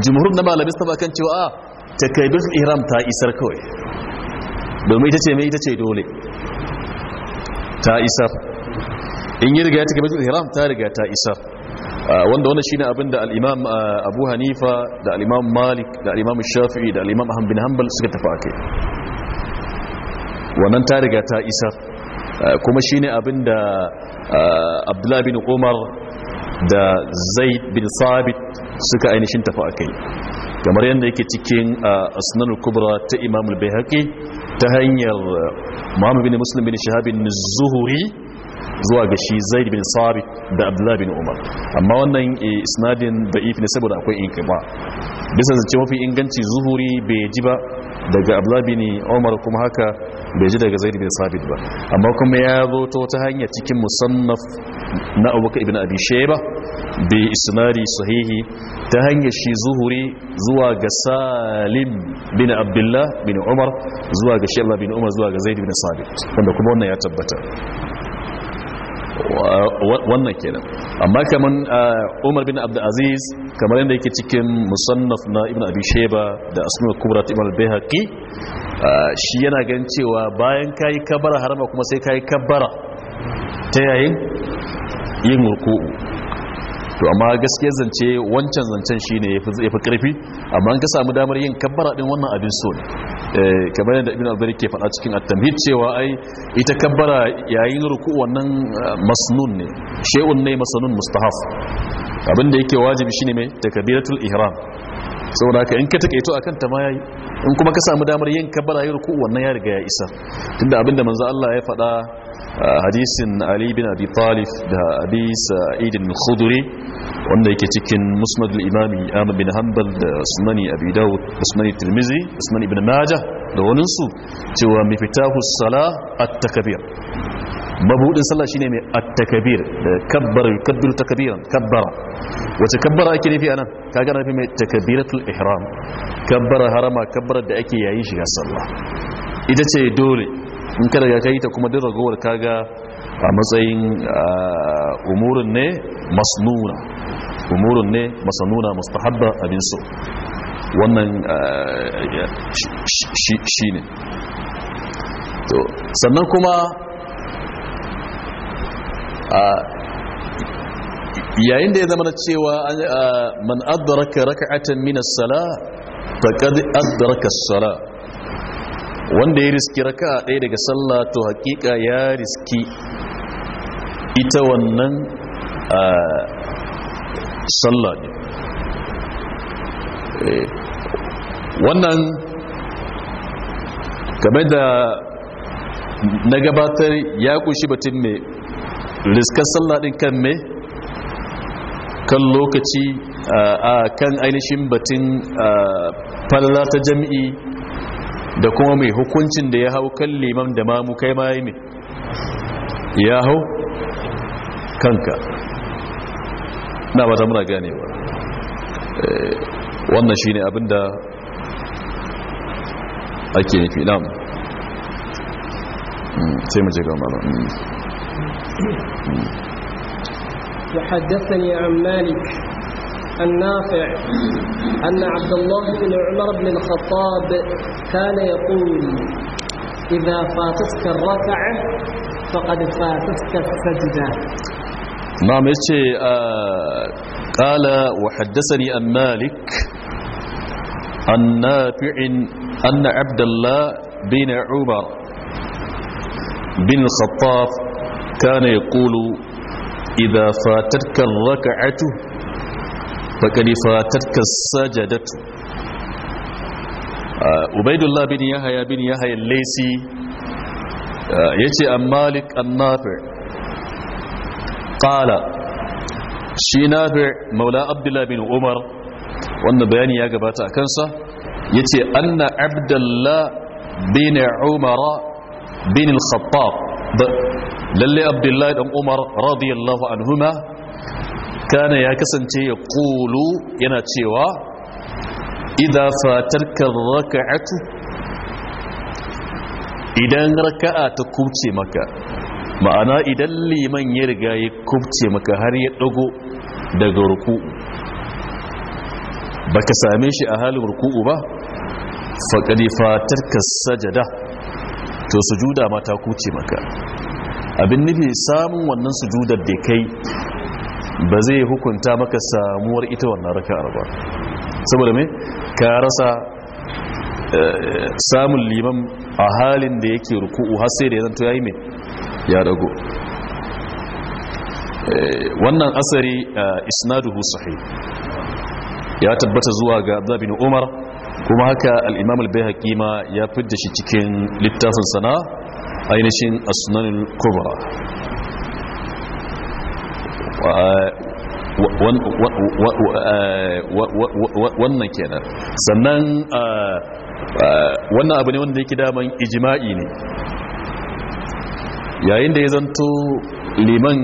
jumhur na malabi saba kan cewa a ah, takaidur ihram ta isar kawai domin ita ce mai ita ce dole ta isar in yi riga ya takaidur ihram ta riga ta isar wanda wannan shine abin da al-imam Abu Hanifa da al-imam Malik da al-imam Shafi'i da al-imam Ahmad bin Hanbal suka tafi akai wannan ta riga ta isar kuma shine abin da Abdullah bin Umar da Zaid bin Sabit suka ainihin tafi kai kamar yadda yake cikin asnanul kubra ta imamul al ta hanyar muhammad bin muslim bin shahabin zuhuri zuwa ga shi zai bin sabit da abdullahi bin umar amma wannan eh, isnadin da ne saboda akwai in ba. bisa zance mafi inganci zuhuri bai ji ba daga abdullahi bin umar kuma haka bai ji daga zai bin sabit ba amma kuma ya zo ta wata hanya cikin musannaf na abubakar ibn abi sheba bi isnadi sahihi ta hanyar shi zuhuri zuwa ga salim bin abdullah bin umar zuwa ga shi bin umar zuwa ga zai bin sabit wanda kuma wannan ya tabbata wannan kenan amma kaman uh, Umar bin Abdul Aziz kamar yadda yake cikin musannaf na Ibn Abi sheba da Asma'ul Kubra ta Imam al uh, shi yana ganin cewa bayan kai kabara harama kuma sai kai kabara ta yayin yin ruku'u to amma gaskiya zance wancan zancen shi ne ya fi karfi amma an ka samu damar yin kabbara ɗin wannan abin so ne eh, kamar yadda ibn albari ke faɗa cikin attamhid cewa ai ita kabbara yayin ruku wannan eh, masnun ne shehun ne masnun mustahaf Abinda da yake wajibi shine mai takabiratul ihram saboda haka in ka takaito akan ta ma yayi in kuma ka samu damar yin kabbara yi ruku wannan ya riga ya isa tunda abinda manzo Allah ya faɗa hadisin Ali bin Abi Talib da hadis Sa'id bin khudri wanda yake cikin Musnad al-Imami Ahmad bin Hanbal da Sunani Abi Dawud da Sunani Tirmidhi da Sunani Ibn Majah da wani su cewa mifitahu salah at-takbir mabudin sallah shine mai at-takbir da kabbar yukabbiru takbiran kabbara wace kabbara ake nufi anan kaga nufi mai takbiratul ihram kabbara harama kabbara da ake yayi shiga sallah ita ce dole in ka daga kai ta kuma duk ragowar kaga a matsayin umurun ne masnuna umurun ne masnuna mustahabba abin so wannan shi ne sannan kuma yayin da ya zama cewa man addaraka raka'atan min as-sala faqad addaraka as-sala wanda ya riski raka'a ɗaya daga sallah to haƙiƙa ya riski ita wannan sallah ne wannan game da na gabatar ya kunshi batun mai riskar sallah din kan me kan lokaci a kan ainihin batun falala ta jami'i da kuma mai hukuncin da ya hau kan liman da mamu kai ma yi ya hau kanka na ba ta muna ganewa eh, wannan shi ne abinda ake nufi na hmm, sai mu je gama وحدثني عن مالك النافع أن عبد الله بن عمر بن الخطاب كان يقول إذا فاتتك الركعة فقد فاتتك السجدة نعم آه قال وحدثني عن مالك النافع أن عبد الله بن عمر بن الخطاب كان يقول إذا فاتتك الركعة فقد فاتتك السجدة آه، عبيد الله بن يحيى بن يحيى الليسي يتي أم آه، مالك النافع قال شي نافع مولى عبد الله بن عمر وأن بياني يقبات أكنسة يتي أن عبد الله بن عمر بن الخطاب lalle abdullahi dan umar radiyallahu anhuma kana ya kasance ya kulu yana cewa idan fatarka raka'atu idan raka'a ta kubce maka ma'ana idan liman ya riga ya kubce maka har ya dago daga ruku baka same shi a halin ruku'u ba faƙari fatarka sajada to sujuda ma ta kuce maka abin nufi samun wannan sujudar da kai ba zai hukunta maka samuwar ita wannan raka'ar ba saboda mai ka rasa eh, samun liman a halin da yake ruku'u har sai da ya ya yi mai ya dago eh, wannan asari isnaduhu sahih ya tabbata zuwa ga abdullahi bin umar kuma haka al-imam al ma ya fidda shi cikin littafin sana'a ainihin asnanin kubra wannan kenan sannan uh, uh, wannan abu ne wanda yake daman ijima'i ne yayin da ya zanto liman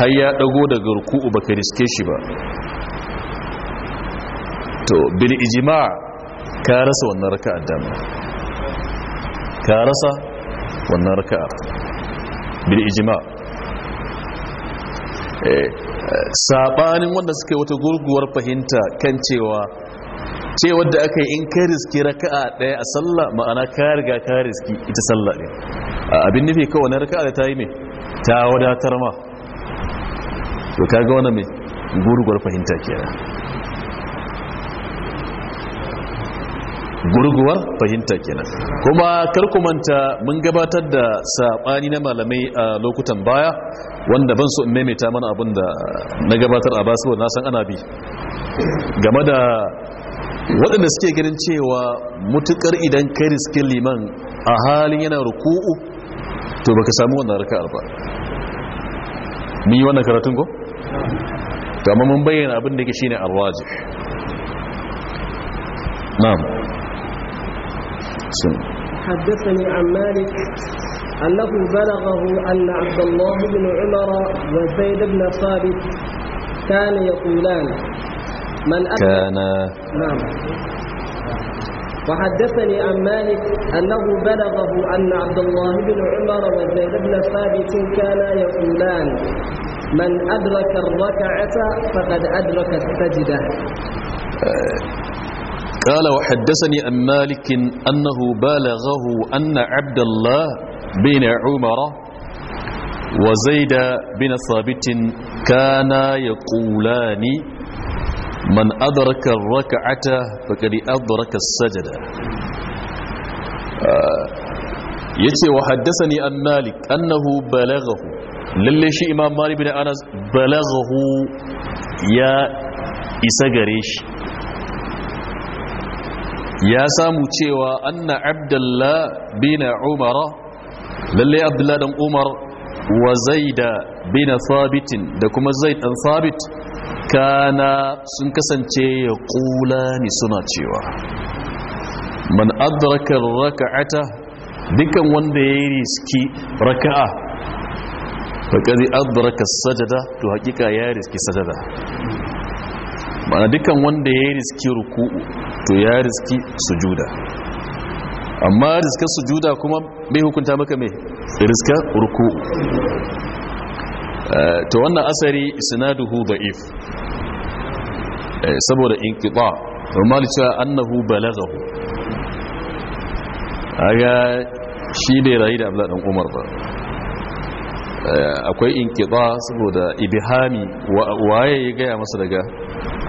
har ya dago daga ruku'u baka riske shi ba to bil ijima' ka rasa wannan raka'ar dama ka rasa wannan raka'a bil ijma sabanin wanda suke wata gurguwar fahimta kan cewa ce wanda aka yi in ka riski raka'a daya a sallah ma'ana ka riga ka riski ita sallah ne abin nufi ka wani raka'a da ta yi mai ta wadatar ma to ka ga wani mai gurguwar fahimta kenan gurguwar fahimta kenan kuma karkumanta mun gabatar da saɓani na malamai a lokutan baya wanda ban so in maimaita mana abin da na gabatar a basu na san ana bi game da waɗanda suke ganin cewa mutukar idan kai riskin liman a halin yana ruku'u to baka samu wannan raka'ar ba mun yi wannan karatun ko? to amma mun bayyana abin da yake shine alwajib na'am حدثني عن مالك أنه بلغه أن عبد الله بن عمر وزيد بن ثابت كان يقولان من كان نعم وحدثني عن مالك أنه بلغه أن عبد الله بن عمر وزيد بن ثابت كانا يقولان من أدرك الركعة فقد أدرك السجدة آه، قال وحدثني عن مالك أنه بالغه أن عبد الله بن عمر وزيد بن ثابت كانا يقولان من أدرك الركعة فقد أدرك السجدة آه، يتي وحدثني عن مالك أنه بلغه للي شيء إمام مالك بن أنس بلغه يا إسقريش ya samu cewa anna abdullah bin umar lalle abdullah dan umar wa zaida bin da kuma zaid dan thabit kana sun kasance ya kula ni suna cewa man adraka raka'ata dukan wanda ya riski raka'a faqad adraka sajada to hakika ya riski sajada ma'ana dukkan wanda ya riski ruku'u to ya riski sujuda amma riska sujuda kuma bai hukunta maka mai riska ruku'u eh, to wannan asari sinaduhu da'if eh, saboda inqita normal cewa annahu balaghahu aga shi bai rayu da abla dan umar ba eh, akwai inqita saboda ibhami waye ya gaya masa daga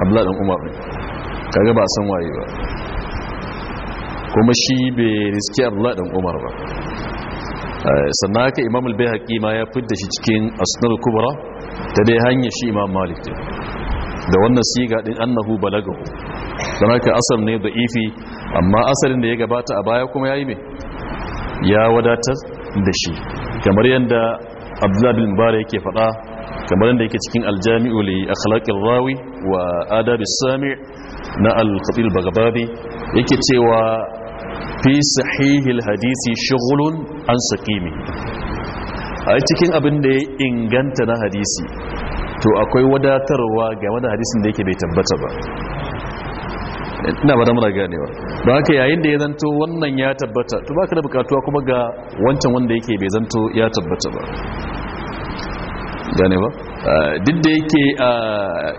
abdullahi dan umar ne kaga ba san waye ba kuma shi bai riski abdullahi dan umar ba eh, sannan haka imam al-bayhaqi ma ya fidda shi cikin asnal kubra ta dai hanya shi imam malik da wannan siga din annahu balagahu sannan haka asal ne daifi amma asalin da ya gabata a baya kuma yayi me ya wadatar da shi kamar yadda abdullahi bin mubarak yake faɗa kamar da yake cikin aljami'u li akhlaqir rawi wa adab as-sami' na al qabil bagabadi yake cewa fi sahihil hadisi shughlun an saqimi a cikin abin da ya inganta na hadisi to akwai wadatarwa ga wanda hadisin da yake bai tabbata ba ina ba da muna ganewa ba haka yayin da ya zanto wannan ya tabbata to baka da bukatuwa kuma ga wancan wanda yake bai zanto ya tabbata ba gane ba ah, duk da yake ah,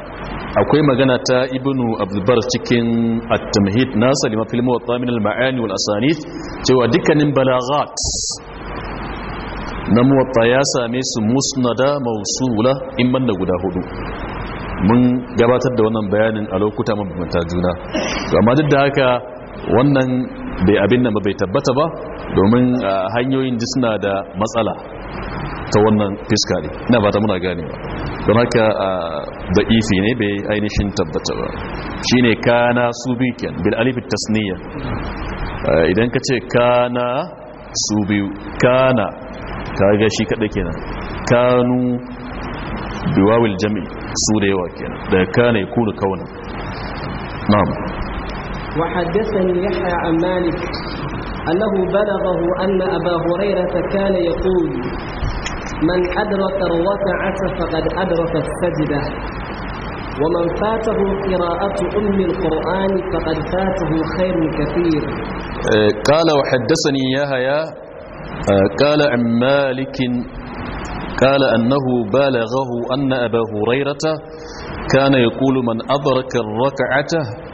akwai magana ta ibnu abdulbar cikin at-tamhid nasa lima fil muwatta min al-ma'ani wal asanid cewa dukkanin balaghat na muwatta ya same su musnada mausula in da guda hudu mun gabatar da wannan bayanin a lokuta mabambanta juna amma duk da haka wannan bai abin nan ba bai tabbata ba domin ah, hanyoyin suna da matsala ta wannan fiska ne na ba ta muna gane ba don haka a ifi ne bai ainihin tabbata ba shi ne kana su biyu ken bil alifin tasniya idan ka ce kana su biyu kana ta ga shi kaɗa kenan kanu biwawil jami su da yawa kenan daga kana ya kuna kauna na'am وحدثني يحيى عن مالك أنه بلغه أن أبا هريرة كان يقول من أدرك الركعة فقد أدرك السجدة ومن فاته قراءة أم القرآن فقد فاته خير كثير آه، قال وحدثني يا هيا آه، قال عن مالك قال أنه بالغه أن أبا هريرة كان يقول من أدرك الركعة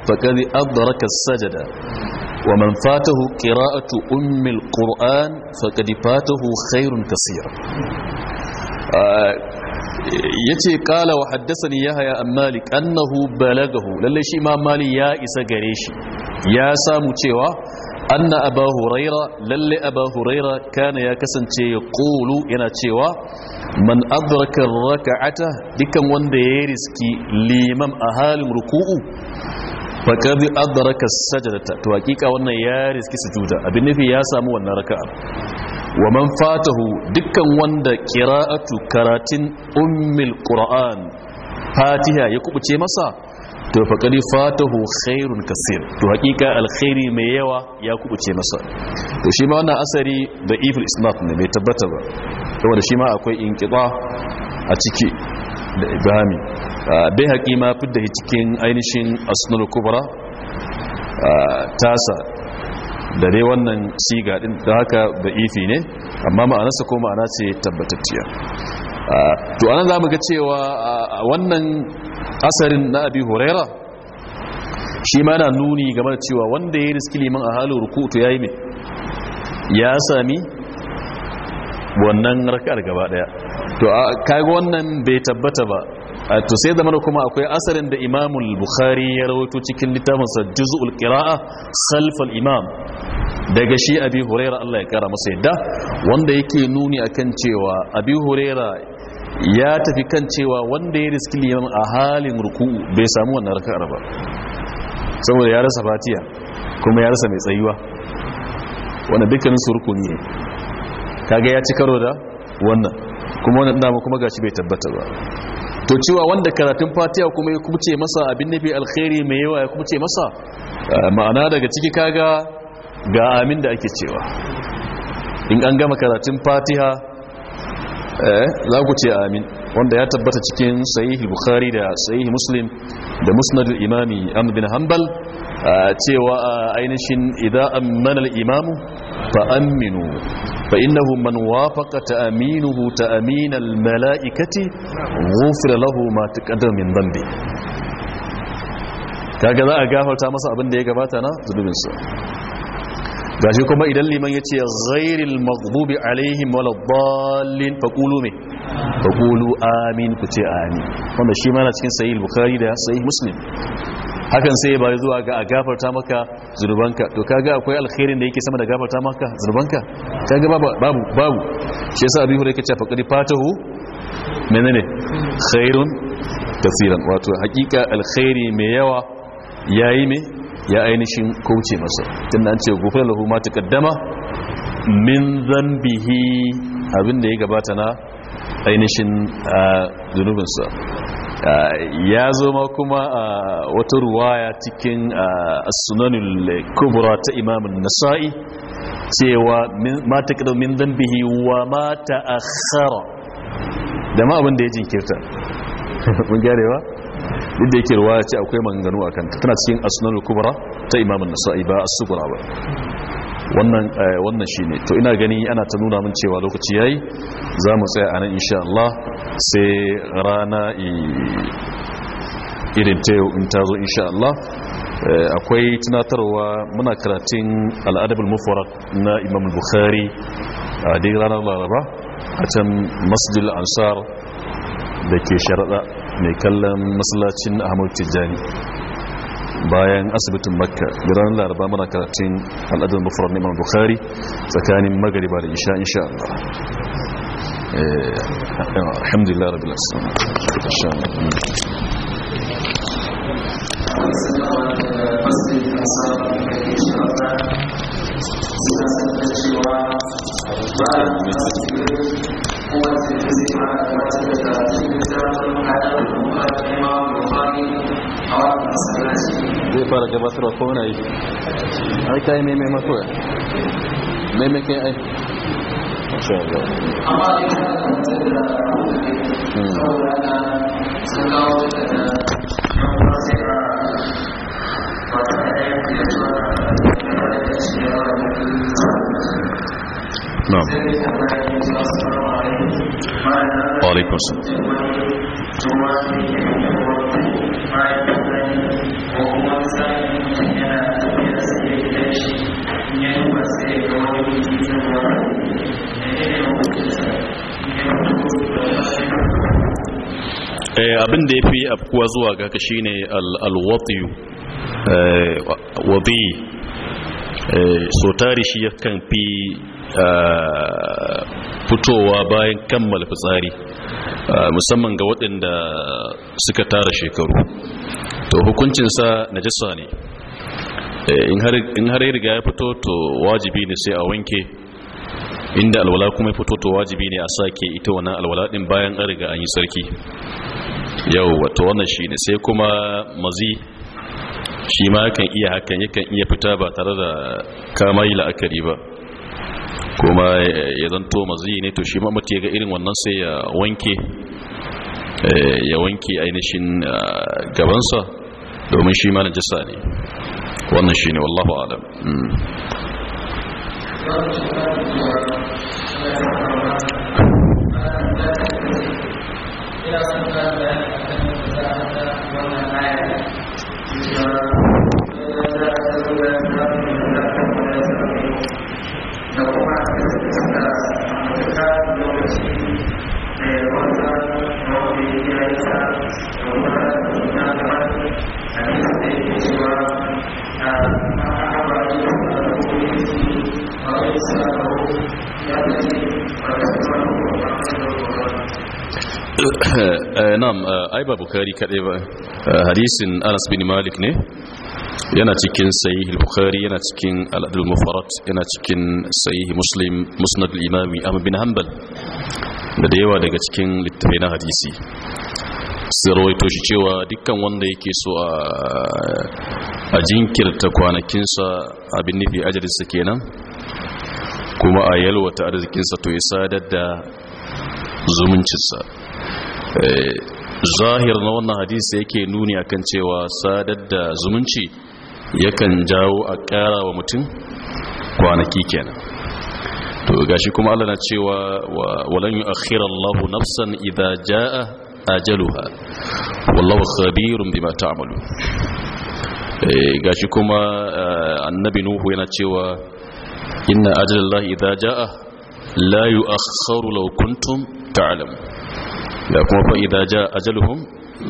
فقد أدرك السجدة ومن فاته قراءة أم القرآن فقد فاته خير كثير yace qala wa haddathani yahya an malik annahu balagahu lallai shi ma mali ya isa gare shi ya samu cewa anna aba huraira lallai aba huraira kana ya kasance ya kulu yana cewa man adraka raka'ata dukan wanda ya riski liman a halin ruku'u faqad adraka sajadata to hakika wannan ya riski sujuda abin nufi ya samu wannan raka'a wa man fatahu dukkan wanda qira'atu karatin ummil qur'an fatiha ya kubuce masa to fa faqad fatahu khairun kaseer to hakika alkhairi mai yawa ya kubuce masa to shi ma wannan asari da ifil isnad ne mai tabbata ba saboda shi ma akwai inqita a ciki da ibhami bai haƙi ma fidda cikin ainihin asnul kubra tasa da dai wannan siga din da haka da ifi ne amma ma'anarsa ko ma'ana ce tabbatacciya to anan za mu ga cewa wannan asarin na abi huraira shi ma na nuni game da cewa wanda ya riski liman a halin ruku to ya yi mai ya sami wannan raka'ar gaba daya to kaga wannan bai tabbata ba to sai da mana kuma akwai asarin da al bukhari ya rawaito cikin littafinsa juz'ul qira'a salfal imam daga shi abi huraira Allah ya kara masa yadda wanda yake nuni akan cewa abi huraira ya tafi kan cewa wanda ya riski liman a halin ruku'u bai samu wannan raka'ar ba saboda ya rasa fatiya kuma ya rasa mai tsayuwa wanda dukkanin su ruku ne kaga ya ci karo da wannan kuma wannan dama kuma gashi bai tabbata ba to cewa wanda karatun fatiha kuma ya kuce masa abin nufi alkhairi mai yawa ya kuce masa eh, ma'ana daga ciki kaga ga amin da ake cewa in an gama karatun fatiha eh, za ku ce amin wanda ya tabbata cikin sahihi bukhari da sahihi muslim da musnadul imami amr bin hanbal eh, cewa ainihin idan ammana imamu فأمنوا فإنه من وافق تأمينه تأمين الملائكة غفر له ما تقدم من ذنبه kaga za a gafarta masa abin da ya gabata na zunubinsu gashi kuma idan liman ya ce ghairil maghdubi alaihim waladdallin faqulu me ba gulu amin ku ce amin wanda shi mana cikin sayi bukari da sayi muslim hakan sai ba zuwa ga a gafarta maka zurbanka to kaga akwai alkhairin da yake sama da gafarta maka zunubanka kaga babu babu shi yasa abihu hura yake cewa faqad fatahu menene khairun tasiran wato hakika alkhairi mai yawa yayi me ya ainihin kauce masa tunda an ce gufar lahu ma taqaddama min abin abinda ya gabata na ainihin zunubinsa ya zo kuma a wata ruwaya cikin sunanin kubura ta imamun nasa'i cewa ma ta ƙido min wa ma ta tsara da ma abin ya jinkirta mun gane duk da yake ruwaya ce akwai manganu a kanta tana cikin asunanul kubura ta imamun nasa'i ba a ba wannan eh, wannan shine to ina gani ana ta nuna mun cewa lokaci yayi za mu tsaya anan insha Allah sai rana irin ta yau in ta zo insha Allah eh, akwai tunatarwa muna karatun al'adabul mufarar na imam bukhari a dai ranar laraba a can masjid ansar da ke sharaɗa mai kallon masallacin ahmad tijjani bayan asibitin makka da ranar laraba mana karatun al'adar mafarar neman bukari tsakanin magariba da isha insha Allah alhamdulillah rabbi lasu insha Allah zai fara gabatarwa ko na yi har kayi mai mai mai mai kai aiki نعم وعليكم السلام Eh, abin da ya fi afkuwa zuwa ga ka shine alwatiyu eh, wadi eh, so tari shi yakan fi fitowa bayan kammala fitsari Ah, musamman ga waɗanda suka tara shekaru to hukuncinsa najasa ne eh, in har ya riga ya fito to wajibi ne sai a wanke inda alwala kuma ya fito to wajibi ne a sake ita wannan alwala din bayan an riga an yi sarki yau wato wannan shi ne sai kuma mazi shi ma yakan iya hakan yakan iya fita ba tare da kamayi la'akari ba kuma ya zanto mazi ne to shi ma ya ga irin wannan sai ya wanke eh, ya wanke ainihin eh, gabansa domin shi ma najasa ne wannan shi ne wallahu alam hmm. Thank you. Eh, eh, na'am eh, ai ba bukari kadai ba hadisin Anas bin Malik ne yana cikin sahih bukhari yana cikin al-adl mufarrad yana cikin sahih muslim musnad al imami Ahmad bin Hanbal da dayawa daga cikin littattafai na hadisi sai to shi cewa dukkan wanda yake so a jinkirta kwanakinsa abin nufi ajarinsa kenan kuma a yalwata arzikinsa to ya sadar da zumuncinsa Eh, zahir na wannan hadisi yake nuni akan cewa sadar da zumunci yakan jawo a ƙara wa mutum kwanaki kenan to gashi kuma Allah na cewa walan yu'akhkhira Allahu nafsan idza jaa ajaluha wallahu khabirun bima ta'malu eh, gashi kuma eh, annabi nuhu yana cewa inna ajalallahi idza jaa la yu'akhkharu law kuntum ta'lamun da kuma fa idza jaa ajaluhum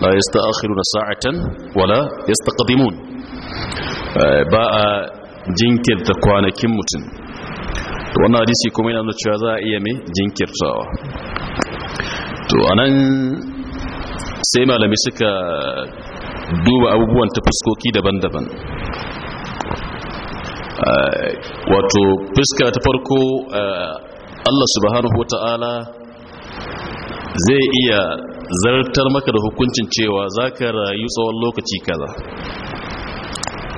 la yasta'khiruna sa'atan wala yastaqdimun eh, ba a jinkirta kwanakin mutum to wannan hadisi kuma yana nuna cewa za a iya mai jinkirtawa to anan sai malami suka duba abubuwan ta fuskoki daban-daban eh, wato fuska ta farko eh, Allah subhanahu wa ta'ala zai iya zartar maka da hukuncin cewa za ka rayu tsawon lokaci kaza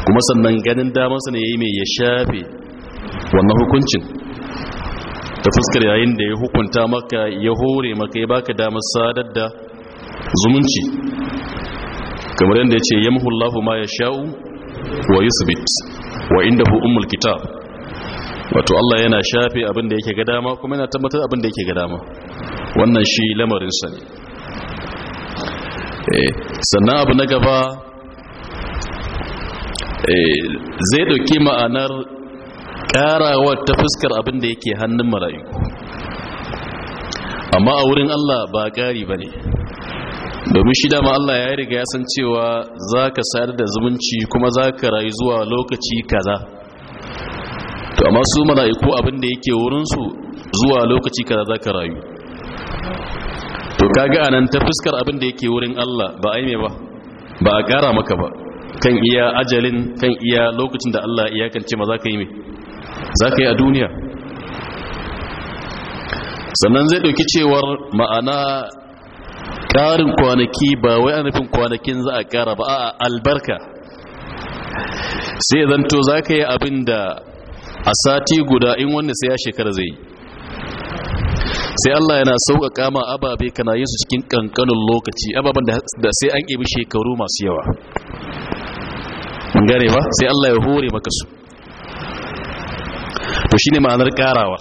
kuma sannan ganin damarsa ne ya yi mai ya shafe wannan hukuncin ta fuskar yayin da ya hukunta maka ya hore maka ya baka damar sadar da zumunci kamar yadda ya ce ya yamhullahu ma ya sha'u wa yusubit wa inda hu umul kitab wato Allah yana shafe abin da yake ga dama kuma yana tabbatar abin da yake ga dama wannan shi lamarinsa ne eh, sannan abu na gaba eh, zai ɗauki ma'anar karawa ta fuskar abin da yake hannun marayu amma a wurin Allah ba gari ba ne domin shi dama Allah ya riga ya san cewa za ka sadar da zumunci kuma za ka rayu zuwa lokaci kaza to amma su mala'iku abin da yake wurinsu zuwa lokaci kaza za ka rayu to kaga anan ta fuskar abin da yake wurin Allah ba me ba ba a kara maka ba kan iya ajalin kan iya lokacin da Allah kance ma za yi me za yi a duniya sannan zai ɗauki cewar ma'ana karin kwanaki ba wai a nufin kwanakin za a ƙara ba a albarka sai zanto za ka yi abinda a sati guda in wanda sai ya shekara zai yi sai Allah yana sauƙaƙa ma ababe kana yin su cikin kankanin lokaci ababen da sai an ibi shekaru masu yawa gane ba sai Allah ya hore maka su to ne ma'anar karawa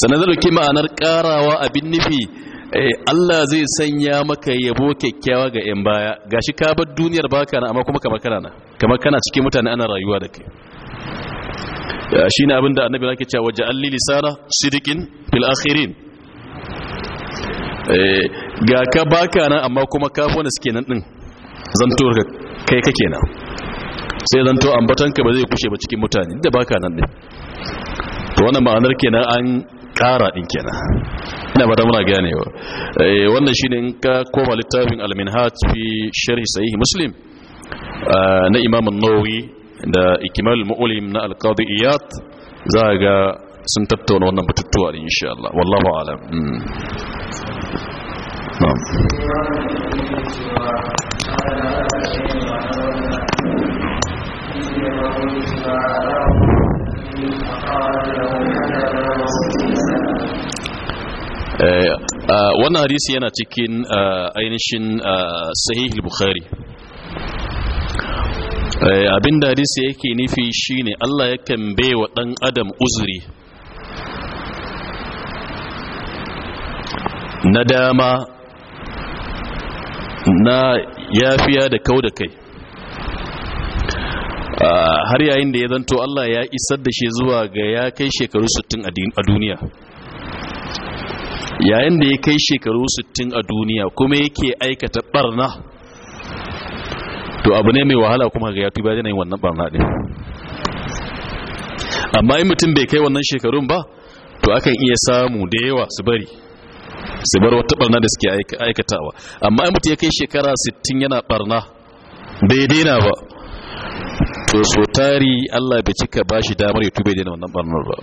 sannan zai ɗauki ma'anar karawa abin nufi eh, Allah zai sanya maka yabo kyakkyawa ga yan baya gashi ka bar duniyar baka na amma kuma kamar kana na kamar kana cikin mutane ana rayuwa da kai Eh, shi ne abinda annabi na ke cewa waje alli lisana sidikin fil akhirin eh, ga ka baka nan amma kuma kafin suke nan din zanto kai kake nan sai zanto ambatanka ba zai kushe ba cikin mutane da baka nan din to wannan ma'anar kenan an kara din kenan ina ba da muna ganewa eh, wannan shine in ka koma littafin al-minhaj fi sharhi sahih muslim na imam an-nawawi da ikimal mu'ulim na alqadiyat za ga sun tattauna wannan batutuwa din insha Allah wallahu alam wannan hadisi yana cikin ainihin sahih bukhari Eh, abin da hadisi yake nufi shine Allah ya yakan baiwa dan adam uzuri na dama na yafiya da kau da kai ah, har yayin da ya zanto Allah ya isar da shi zuwa ga ya kai shekaru 60 a duniya yayin da ya kai shekaru 60 a duniya kuma yake aikata barna to abu ne mai wahala kuma ga yafi bayan yin wannan barna din amma in mutum bai kai wannan shekarun ba to akan iya samu da yawa su bari su bar wata barna da suke aikatawa amma in mutum ya kai shekara 60 yana barna bai daina ba to so tari Allah bai cika bashi damar ya tube daina wannan barna ba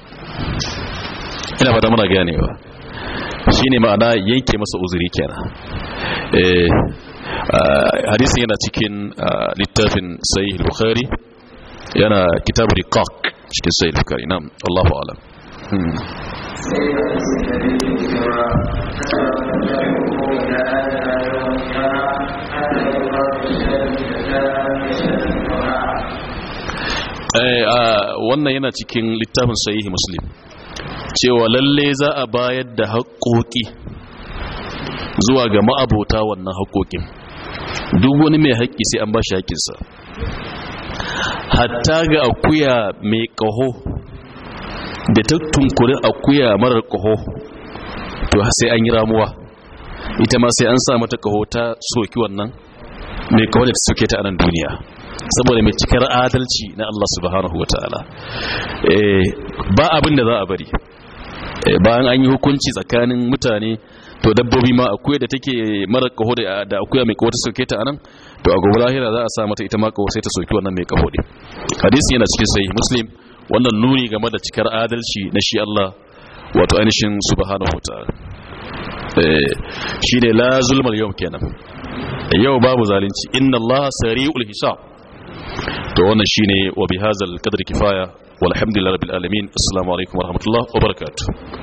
ina fata muna ganewa shine ma'ana yanke masa uzuri kenan eh hadisi yana cikin littafin sahih bukhari yana kitab riqaq cikin sahih bukhari na'am Allahu a'lam wannan yana cikin littafin sahihi muslim cewa lalle za a bayar da haƙoƙi zuwa ga ma'abota wannan haƙoƙin duk wani mai haƙƙi sai an ba shi haƙƙinsa hatta ga akuya mai ƙaho da ta tunkurin akuya marar ƙaho to sai an yi ramuwa ita ma sai an sa mata ƙaho ta soki wannan mai ƙaho da ta soke ta anan duniya saboda mai cikar adalci na Allah subhanahu wa ta'ala eh, ba abin da za a bari eh, bayan an yi hukunci tsakanin mutane to dabbobi ma akwai da take mara kaho da akuya mai kaho ta soke ta anan to a gobe lahira za a sa mata ita ma kaho sai ta soki wannan mai kaho din hadisi yana cikin sai muslim wannan nuni game da cikar adalci na shi Allah wato ainihin subhanahu wa ta'ala eh, shine la zulmal yawm kenan yau babu zalunci inna Allah sari'ul hisab to wannan shine wa bihazal qadri kifaya walhamdulillahi rabbil alamin assalamu alaikum warahmatullahi wabarakatuh